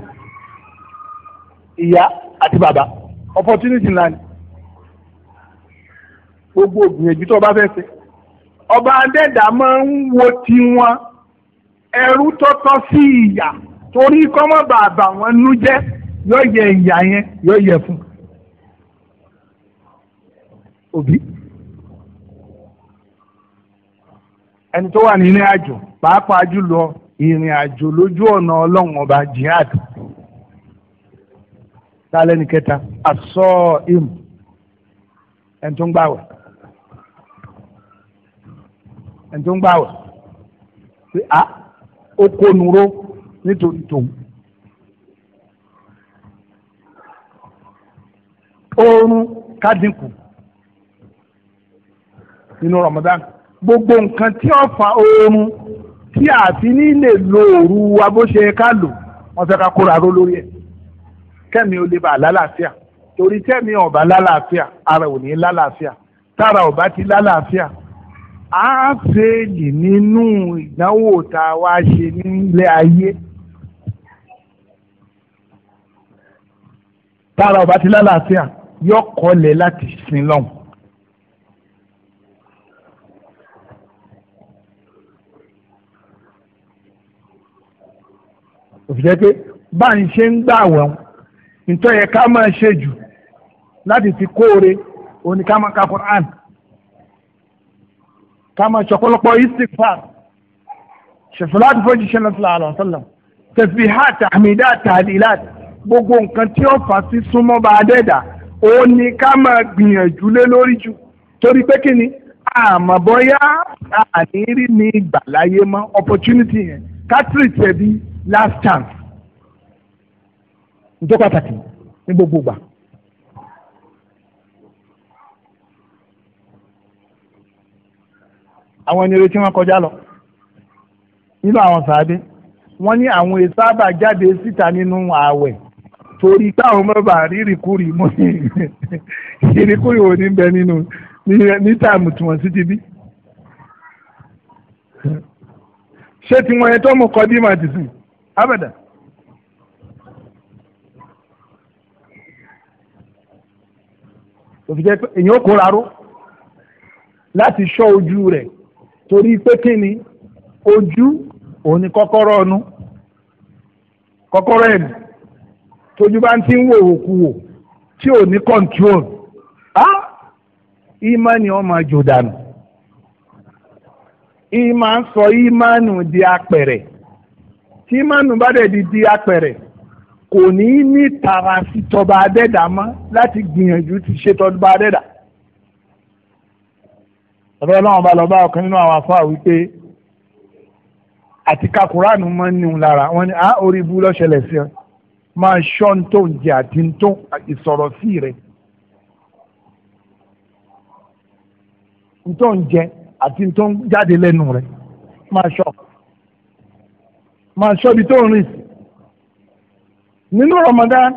ìyá àti bàbá opportunity ńlá ni gbogbo ògbìyànjú tó o bá fẹ́ ṣe ọba adẹ́dà máa ń wo tiwọn ẹrú tọ́tọ́ sí ìyà torí kọ́mọ́ bàbá wọn nú jẹ́ yọ yẹ ìyà yẹn yọ yẹ fún òbí ẹni tó wà nínú àjò pàápàá jùlọ ìrìn àjò lójú ọ̀nà ọlọ́run ọba jihad lálẹ́ ní kẹta asọ́ im ẹni tó ń gbàwẹ̀ ẹni tó ń gbàwẹ̀ pé a ó kó nuró nítorí tòun. oorun kádínkù nínú Ramadan gbogbo nǹkan tí ó fa oorun tí àfi ní lè lo òru wa bó ṣe ká lò wọ́n fẹ́ ká kóra ró lórí ẹ̀ kẹ́mi ò lè bà lálàáfíà torí tẹ́mi ọ̀bà lálàáfíà ara ò ní lálàáfíà tára ọ̀bà ti lálàáfíà á fèèlì nínú ìdánwò tá a wá ṣe nílé ayé. tára ọba ti lálàáfíà yọ kọlẹ̀ láti sin lọ́hùn. òfìjẹ́ pé bá ń ṣe ń gbà wọ́n nítorí ẹ̀ ká máa ṣe jù láti fi kóore oníkàmọ́ká Quran ká máa ṣọ̀pọ̀lọpọ̀ istighfar ṣèfúláàtì fojì ṣẹlẹ̀ sílẹ̀ àlọ́sọ́lá tasbihat tahmidat tahlilat gbogbo nǹkan tí ó fà sí súnmọ́ bá a dẹ́dà ó ní ká máa gbìyànjú lé lórí jù torí pé kí ni àmọ́ bóyá àní rí ní ìgbà láyé mọ́ opportunity yẹn kátírì tẹ̀bi last chance. ǹjọ́ pàtàkì ní gbogbo ìgbà. àwọn ẹni retí wọn kọjá lọ nínú àwọn sàádé wọ́n ní àwọn ìsábà jáde síta nínú ààwẹ̀ torí táwọn mọba rírìkúrì mọ (laughs) ìrìkúrì ò ní bẹ nínú ní táàmù tí wọ́n sì ti bí ṣé tiwọn yẹn tó mú kọ dí màá ti abẹ́dà. òfìjẹ́ pé èèyàn kóra ró láti ṣọ́ ojú rẹ̀ torí pé kí ni ojú òun ni kọ́kọ́rọ́ ọnu kọ́kọ́rọ́ ẹ̀mí tójú bá ń ti ń wò òkú wò tí ò ní control á ìmánì ó máa jò dànù ìmá ń sọ ìmánù di apẹ̀rẹ̀ tí ìmánù bá dẹ̀ di di apẹ̀rẹ̀ kò ní ní tara sí tọba adẹ́dàá mọ́ láti gbìyànjú ti ṣe tọba adẹ́dàá ọ̀dọ́ ọlọ́run bá lọ bá ọ̀kan nínú àwọn afọ́ àwípé àti ka kuranu máa ń lára wọn ni a orí ibú lọ́ṣẹlẹ̀ sí ọ máa ṣọ́ ń tó ń jẹ àti ń tó ìsọ̀rọ̀ sí rẹ ń tó ń jẹ àti ń tó ń jáde lẹ́nu rẹ máa ṣọ́ máa ṣọ́ ibi tó ń rìn sí nínú Ramadan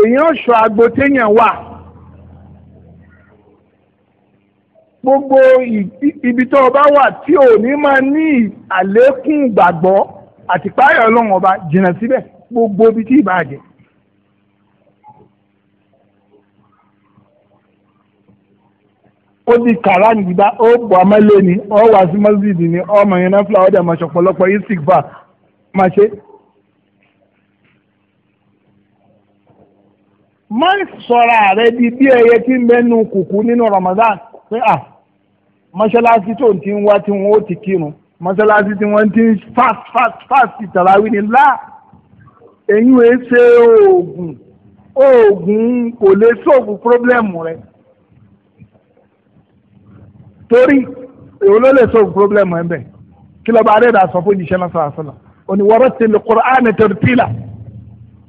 èèyàn ṣọ́ agbo téèyàn wà. gbogbo ibi tó o wà tí ò ní máa ní àlékún gbàgbọ́ àti páyọ̀ ọba jìnnà síbẹ̀ gbogbo ibi tí ìbá jẹ. ó di kàrá nìgbà ó bọ̀ amẹ́lẹ́ ni ó wà sí mọ́sídìí ni ọmọ yẹn náà fúlà ọ̀dà máa ṣọ̀pọ̀lọpọ̀ istikfa máa ṣe. sọ̀rọ̀ ààrẹ di Ramadan pé à. Ah, mọ́ṣáláṣí tó ti ń wá tí wọ́n ó ti kírun mọ́ṣáláṣí tí wọ́n ti ń fast fast fast tàràwí ni lá ẹ̀yin ẹ̀ ṣe oògùn oògùn kò lè sóògù pírọ́blẹ́mù rẹ torí èwo ló lè sóògù pírọ́blẹ́mù ẹ̀ bẹ̀ kí lọ́ba adéda sọ fún ìṣẹ́ náà sọ̀rọ̀ sọ̀rọ̀ òní wọ́rọ́ ti lè kọ́ra áàmì tẹ̀rẹ̀pìlà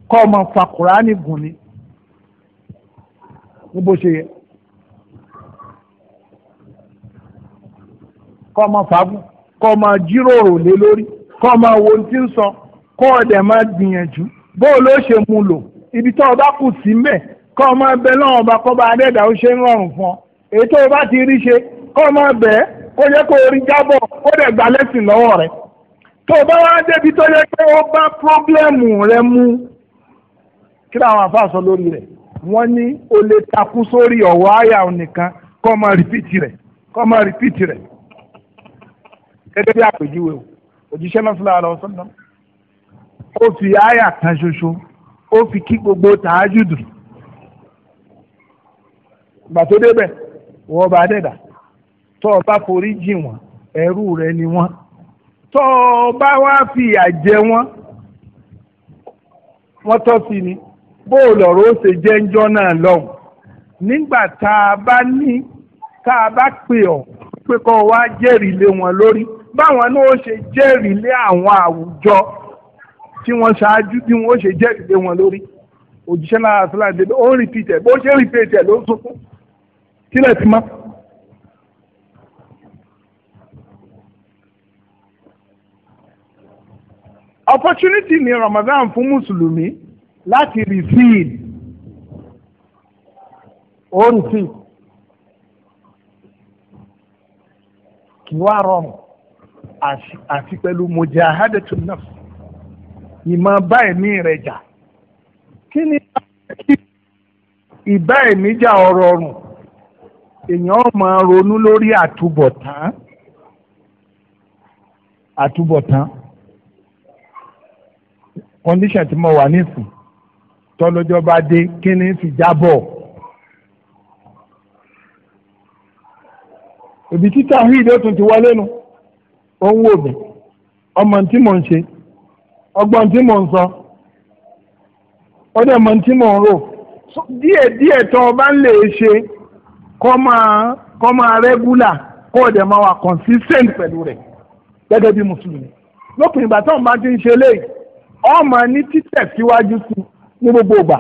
kọ́ ọmọ fa kùránì gùn ni bó ṣe yẹ. kọ́ máa fàágùn kọ́ máa jíròrò lé lórí kọ́ máa wo ohun tí ń sọ kọ́ ọ̀dẹ̀ máa gbìyànjú bó o ló ṣe mu lò ibi tó o bá kù sí mbẹ̀ kọ́ ọ máa bẹ náà ọba kọ́ bá adẹ́dà ó ṣe ń rọrùn fún ọ èyí tó o bá ti rí ṣe kọ́ ọ máa kó yẹ kó rí jábọ̀ kó dẹ̀ gbà lẹ́sìn lọ́wọ́ rẹ̀ tó o bá wá débi tó yẹ pé ó bá pírọ́blẹ́mù rẹ mu kí làwọn àfáà sọ lórí rẹ̀ wọ́n ní o lè takú sórí ọ̀wọ́ àyà nìkan kọ́ ọ rìpíìtì rẹ̀ kọ́ ọ rìpíìtì rẹ̀ gẹ́gẹ́ bí àpèjúwe o òjíṣẹ́ náà fúnra rẹ̀ ọ̀sán náà ó fi àyà kan ṣoṣo ó fi kí gbogbo tààjùdù ìgbà tó débẹ̀ wọ́n bá dẹ̀dà tó o bá forí jì wọ́n ẹrú rẹ ni wọ́n tó o bá wá fi ìyà jẹ wọ́n wọ́n tọ́ sí ni bó lọ̀rọ̀ ó ṣe jẹ́ ńjọ́ náà lọ́hùn nígbà tá a bá ní tá a bá pè ọ́ pé kó o jẹ́rìí lé wọn lórí báwọn náà ó ṣe jẹ́rìí lé àwọn àwùjọ tí wọ́n ṣáájú bí wọ́n ó ṣe jẹ́rìí lé wọn lórí òjíṣẹ́ náà àfúlà dé ó ń repeat ẹ̀ bó ṣe repeat ẹ̀ ló ń sunkún kílẹ̀ ti mọ́. opportunity ni Ramadan fún mùsùlùmí láti refill ó refill kì í wá rọrùn àti pẹ̀lú mujahadatu nafs ìmọ̀ bá ẹ̀mí rẹ̀ kí ni ìbá ẹ̀mí jà ọ̀rọ̀ ọ̀rùn èèyàn máa ronú lórí àtúbọ̀tán àtúbọ̀tán condition tí mo wà nísìn tọ́lọ́jọ́ bá dé kí ni fi jábọ̀ ibi títà hídó tún ti wọlé nu. No? ó ń wò mí ọmọ tí mò ń ṣe ọgbọ́n tí mò ń sọ ó dẹ̀ mọ tí mò ń rò díẹ̀ díẹ̀ tó o bá ń lè ṣe kó máa kó máa rẹ́gúlà kó o dẹ̀ máa wà consistent pẹ̀lú rẹ̀ gẹ́gẹ́ bí mùsùlùmí lópin ìgbà tó o bá ti ń ṣe léyìí ọmọ ní títẹ̀ síwájú sí ní gbogbo ìgbà.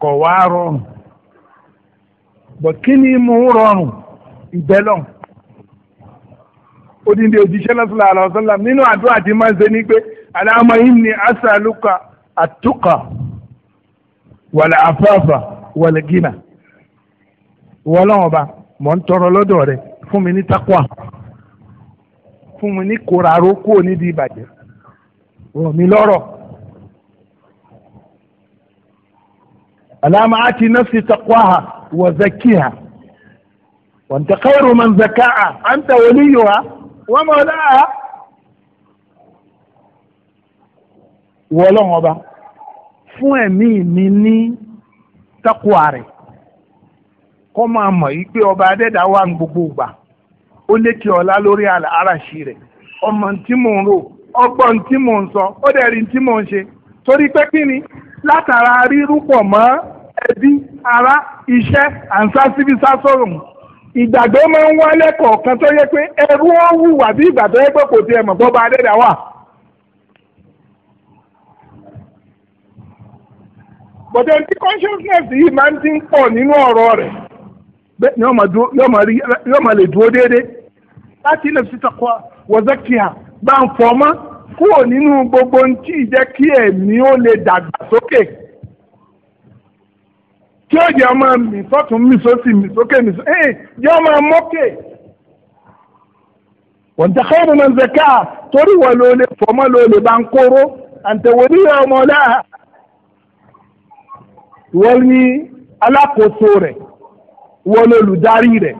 kọ̀ wá rọrùn but kí ni mo ń rọrùn ìbẹ́lọ̀ odindi òjíṣẹ́ lọ́sọ̀lá àlọ́sọ́lá nínú àdúrà tí máa ń ṣe ni pé aláàmọ́ yìí ni asàlùkà àtúkà wàlẹ̀ àfáàfà wàlẹ̀ gínà wọ́lọ́wọ́ba mò ń tọrọ lọ́dọ̀ rẹ fún mi ní takwa fún mi ní kóraró kúrò nídìí ìbàjẹ́ rọ̀ mí lọ́rọ̀. اللهم آت نفسي تقواها وزكيها وأنت خير من زكاها أنت وليها ومولاها wọlọ́wọ́n ọba fún ẹ̀mí mi ní taqwa rẹ̀ kọ́ máa mọ̀ yí pé ọba adẹ́dá wà ní gbogbo ìgbà ó lékè ọlá lórí àràṣì rẹ̀ ọmọ tí mò ń rò ọgbọ́n tí mò ń sọ ó dẹ̀ rí tí mò ń ṣe torí pé kí ni látara rírú pọ̀ ẹbí ará iṣẹ́ àǹsásíbísásọ̀rùn ìgbàgbé máa ń wá lẹ́kọ̀ọ̀kan tó yẹ pé ẹrú ó hùwà bí ìgbà yẹ pé kò tiẹ̀ mọ̀ bọ́ba adẹ́dà wà. bọ̀dọ̀ tí consciousness yìí máa ń ti ń pọ̀ nínú ọ̀rọ̀ rẹ̀ bẹ́ẹ̀ ni yóò máa lè dúró déédéé láti ilẹ̀ sí takwa wọ́sẹ̀kìá bá ń fọmọ́ kúrò nínú gbogbo ohun tí ì jẹ́ kí ẹ̀mí ó lè dàgbà sókè. Okay tí ó jẹ́ ọmọ mi sọ́tún mi sósì mi sókè mi sókè eh, jẹ́ ọmọ mọ́kè. wọ́n ti kọ́ ìrìnà zaka torí wọ́n ló lè fọmọ́ ló lè bá ń kóró àǹtẹ̀wò ní ọmọ náà. wọ́n ní alákòóso rẹ̀ wọ́n lólùdarí rẹ̀.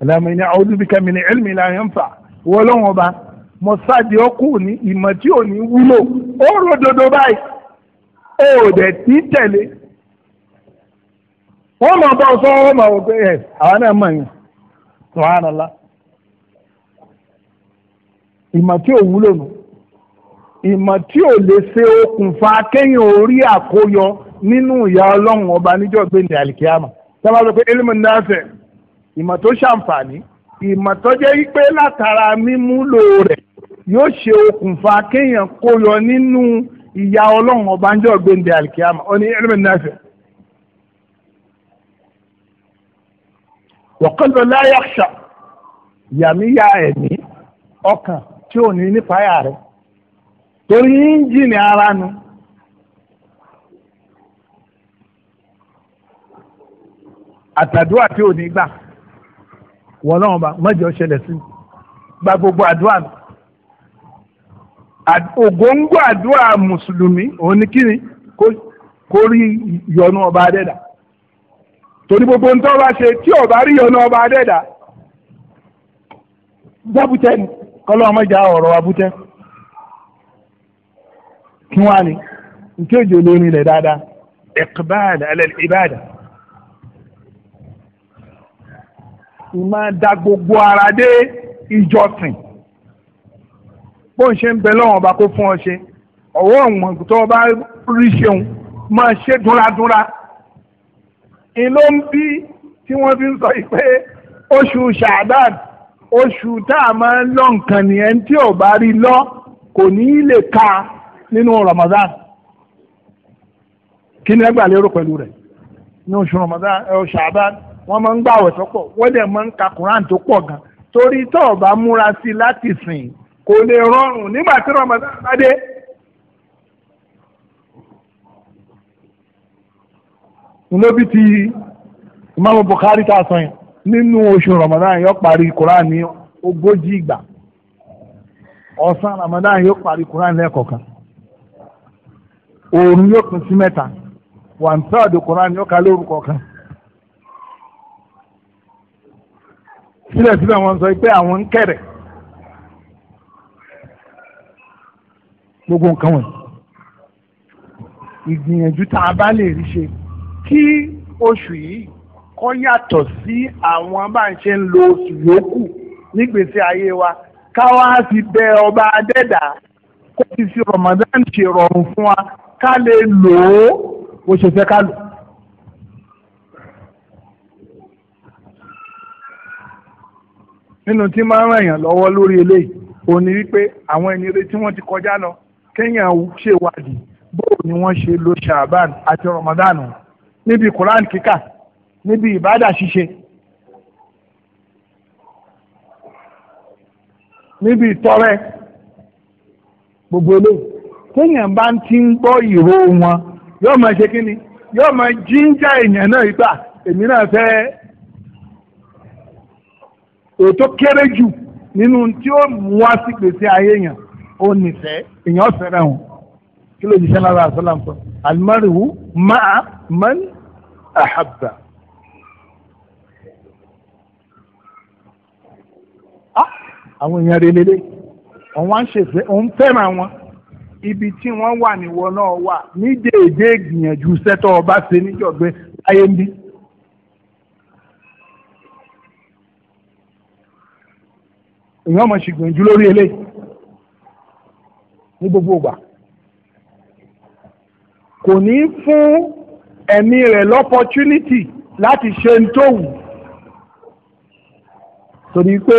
alámọ̀ ìní àwọn ẹ̀lmí la yanfa wọ́n lọ́wọ́ ba mọ̀sáàdì ọkùnrin ìmọ̀ tí ò ní wúlò ó ròdodo báyìí o ò dẹ̀ tí tẹ̀lé wọ́n máa bọ́ sọ wọ́n máa wọ pé ẹ̀ àwa náà mọ̀ yín subhanallah ìmọ̀ tí ò wúlò nù ìmọ̀ tí ò lè ṣe okùnfà kéèyàn orí àkóyọ nínú ìyá ọlọ́run ọba níjọ́ gbẹ̀ndẹ̀ àlìkíyàmà tí a bá sọ pé elimu ndáfẹ́ ìmọ̀ tó ṣàǹfààní ìmọ̀ tó jẹ́ pé látara mímúlò rẹ̀ yóò ṣe okùnfà kéèyàn kóyọ nínú ìyá ọlọ́run ọba ń jọ gbẹ̀ǹdé alikiyama ó ní ilmi nafi. wa qalbun la yakhsha yàmíyà ẹ̀mí ọkàn tí ò ní nípa ayà rẹ̀ torí yíńjìnì ara nu. àtàdúrà tí ò ní gbà wọ́n náà ọba mọ́jọ́ ṣẹlẹ̀ sí gba gbogbo àdúrà mi. ògóńgó àdúrà mùsùlùmí òun ni kíni kó rí ìyọnu ọba adẹ́dà torí gbogbo ń tọ́ ṣe tí ọba rí ìyọnu ọba adẹ́dà jábútẹ́ ni kọ́lọ́ ọmọjà ọ̀rọ̀ abútẹ́ kí wọ́n á nké òjò lórí dáadáa ìmọ̀ dá gbogbo ara dé ìjọsìn. bó ń ṣe ń bẹ lọ́wọ́n ọba kó fún ọ ṣe ọ̀wọ́ ọ̀wọ́n tó ọba rí ṣeun máa ṣe dúnradúnra ìló ń bí tí wọ́n fi ń sọ yìí pé oṣù ṣàdáàd oṣù tá a máa ń lọ nǹkan nìyẹn tí ò rí lọ kò ní í lè ka nínú Ramadan kí ni ẹ gbà lérò pẹ̀lú rẹ̀ ní oṣù Ramadan oṣù ṣàdáàd wọ́n máa ń gbàwẹ̀ tó pọ̀ wọ́n dẹ̀ máa ń ka Quran tó pọ̀ gan torí tó bá múra sí i láti sìn kò lè rọrùn nígbà tí Ramadan bá dé. níbi tí Imam Bukhari ta sọ yẹn nínú oṣù Ramadan yóò parí Quran ní ogójì ìgbà ọ̀sán Ramadan yóò parí Quran lẹ́ẹ̀kọ̀kan òòrùn yóò kún sí mẹ́ta one Quran yóò ka lórúkọ kan. sílẹ̀sílẹ̀ sọ pé àwọn ń gbogbo nǹkan wọ̀nyí ìgbìyànjú tá a bá lè rí ṣe kí oṣù yìí kọ́ yàtọ̀ sí àwọn bá ń lo oṣù yòókù nígbèsè ayé wa káwá ti bẹ ọba adẹ́dà kó ti fi Ramadan ṣe rọrùn fún wa ká lè lò ó bó ṣe fẹ́ ká lò. nínú tí máa ń ràn yàn lọ́wọ́ lórí eléyìí òun ni wípé àwọn ẹni rẹ tí wọ́n ti kọjá lọ kéèyàn ṣèwádìí bóò ni wọ́n ṣe lo ṣàbán àti ramadan níbi quran kíkà níbi ìbádà ṣíṣe níbi ìtọrẹ gbogbo eléyìí kéèyàn bá ń ti ń gbọ́ ìró wọn yóò máa ṣe kíni yóò máa jíńjà èèyàn náà ìgbà èmi náà fẹ́ ètò kéré jù nínú tí ó mú wá sí gbèsè ayé yẹn ó nìfẹ́ èèyàn fẹ́ràn òun kí ló jíṣẹ́ lára àṣọlá nǹkan alimariwu máa man ahabba. Ah, àwọn èèyàn relele àwọn ń ṣèfẹ́ òun fẹ́ràn wọn ibi tí wọ́n wà níwọ náà wà ní déédé gbìyànjú sẹ́tọ̀ ọba ṣe níjọ̀gbẹ́ láyé ń bí. èèyàn mọ̀ ṣìgbìyànjú lórí eléyìí ní gbogbo ìgbà kò ní fún ẹ̀mí rẹ̀ lọ́pọ̀tunity láti ṣe ń tó wù torí pé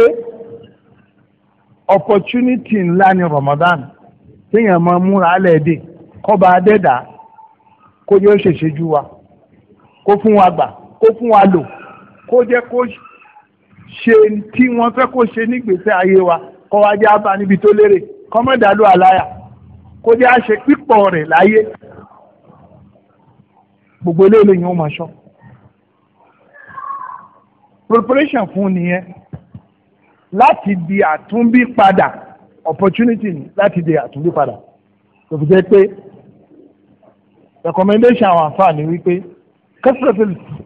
opportunity ńlá ni Ramadan téèyàn máa múra lẹ́ẹ̀dẹ̀ kọ́ba adẹ́dà kó yóò ṣèṣe ju wa kó fún wa gbà kó fún wa lò kó jẹ́ kó ṣe tí wọ́n fẹ́ kó ṣe nígbèsè ayé wa kó wá jẹ́ abá níbi tó lérè kọ́mọ̀dálù àláyà kó jẹ́ àṣẹ pípọ̀ rẹ̀ láyé gbogbo eléyìí yóò máa ṣọ́ preparation fún nìyẹn láti di àtúnbí padà opportunity ni láti di àtúnbí padà tó fi jẹ́ pé recommendation àwọn àǹfààní wípé kẹsìlẹ̀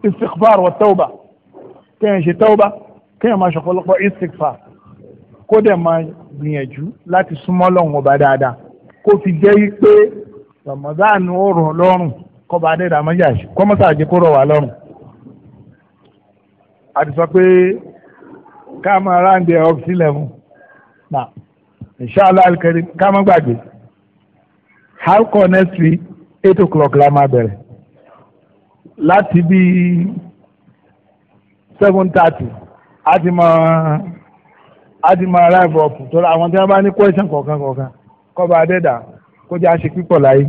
istighfar wa tawba kẹ́yìn ṣe tawba kẹ́yìn máa ṣọ̀pọ̀lọpọ̀ istighfar kó dẹ̀ máa gbìyànjú láti súnmọ́ lọ́hùn ọba dáadáa kó fi jẹ́ wípé ramadan ó rọ̀ lọ́rùn kọba adéda mọ́jà kọ́mọ́sá àjẹ kó rọ̀ wá lọ́rùn. a ti sọ pé ká máa ráǹdì ẹ̀ ọ́fíìsì nà inshallah alikari ká má gbàgbé halkọ next week eight o'clock la máa bẹ̀rẹ̀ láti bíi seven thirty a ti máa a ti máa ráìbù ọ̀pù tó ra àwọn tí wọ́n bá ní kwẹ́sàn kọ̀ọ̀kan kọ̀ọ̀kan kọ́ba adẹ́dà kó jẹ́ àṣẹ pípọ̀ láyé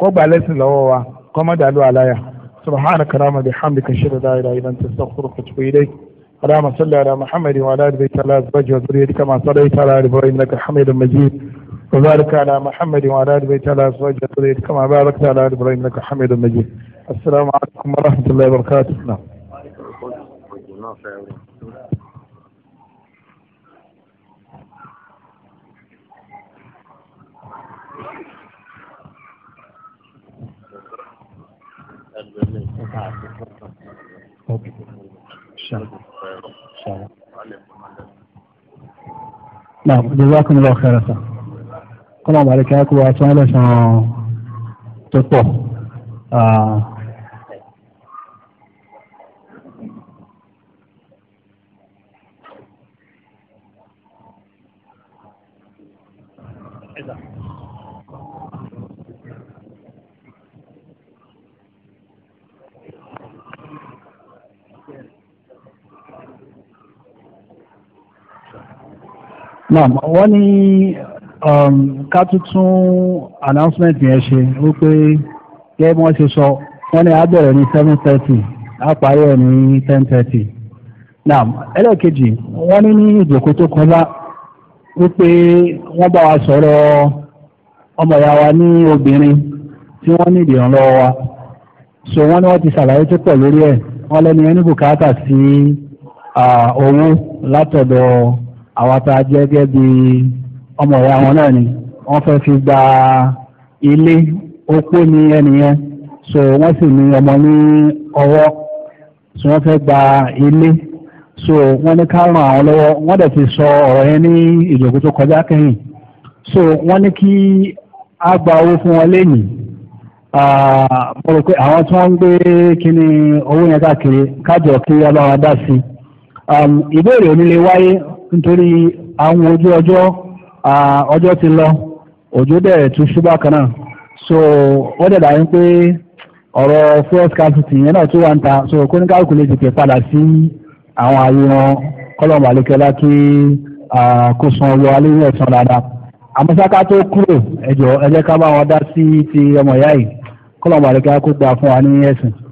kó gbà lẹ́sìn lọ́wọ́ wa kó má dàlú àláyà subhanaka karama bi hamdi kashiru la ilaha illa anta astaghfiruka wa atubu ilayk اللهم صل على محمد وعلى ال بيت الله ازواجه وذريته كما صليت على ال ابراهيم انك حميد مجيد وبارك على محمد وعلى ال بيت الله ازواجه وذريته كما باركت على ال ابراهيم انك حميد مجيد السلام عليكم ورحمه الله وبركاته ẹgbẹ̀rún ìfúnpá àti fúnpá. ok ṣàlọ ṣàlọ. náà jazakum Allah khairan sá kọ́nà àbálẹ̀ kí á kó wa tí wọ́n lè san tó pọ̀. Naam, wọ́n ní um, ká tuntun announcement yẹn ṣe wípé gẹ́gẹ́ bí wọ́n ṣe sọ wọ́n ní a bẹ̀rẹ̀ ní seven thirty a parí ẹ̀ ní ten thirty. Naam, ẹlẹ́ẹ̀kejì wọ́n ní ní ìjòkó tó kọjá wípé wọ́n bá wa sọ̀rọ̀ ọmọ ìyá wa ní obìnrin tí wọ́n ní ìdìrànlọ́wọ́ wa so wọ́n ní wọ́n ti ṣàlàyé tó pọ̀ lórí ẹ̀ wọ́n lẹ́nu ẹni bùkátà sí owó látọ̀dọ̀ àwọn tá a jẹ́ gẹ́gẹ́ bí ọmọ ìyá wọn náà ni wọ́n fẹ́ fi gba ilé opó ni ẹnìyẹn so wọ́n sì ní ọmọ ní ọwọ́ so wọ́n fẹ́ gba ilé so wọ́n ní ká ràn àwọn lọ́wọ́ wọ́n dẹ̀ ti sọ ọ̀rọ̀ yẹn ní ìjòkó tó kọjá kẹ́yìn so wọ́n ní kí a gba owó fún wọn lẹ́yìn mo rò pé àwọn tí wọ́n ń gbé kíní owó yẹn káàkiri kájọ kí ọlọ́run dá sí ìbéèrè onílé wáyé nítorí àwọn ojú ọjọ́ ọjọ́ ti lọ òjò dẹ̀ tún ṣú bákan náà so wọ́n dẹ̀ dàbí pé ọ̀rọ̀ fuel scarcity yẹn náà tún wà ń ta so kóníkàlùkù lè jìpẹ̀ padà sí àwọn ààyè wọn kọ́lọ̀mù àlékẹ́lá kí kó san ọlọ́ aléyìn ẹ̀sán dáadáa àmọ́sáká tó kúrò ẹ̀jọ̀ ẹ̀jẹ̀ ká bá wọn dá sí ti ọmọ ìyá yìí kọ́lọ̀mù àlékẹ́lá kó gbà fún wa ní ẹ̀sìn.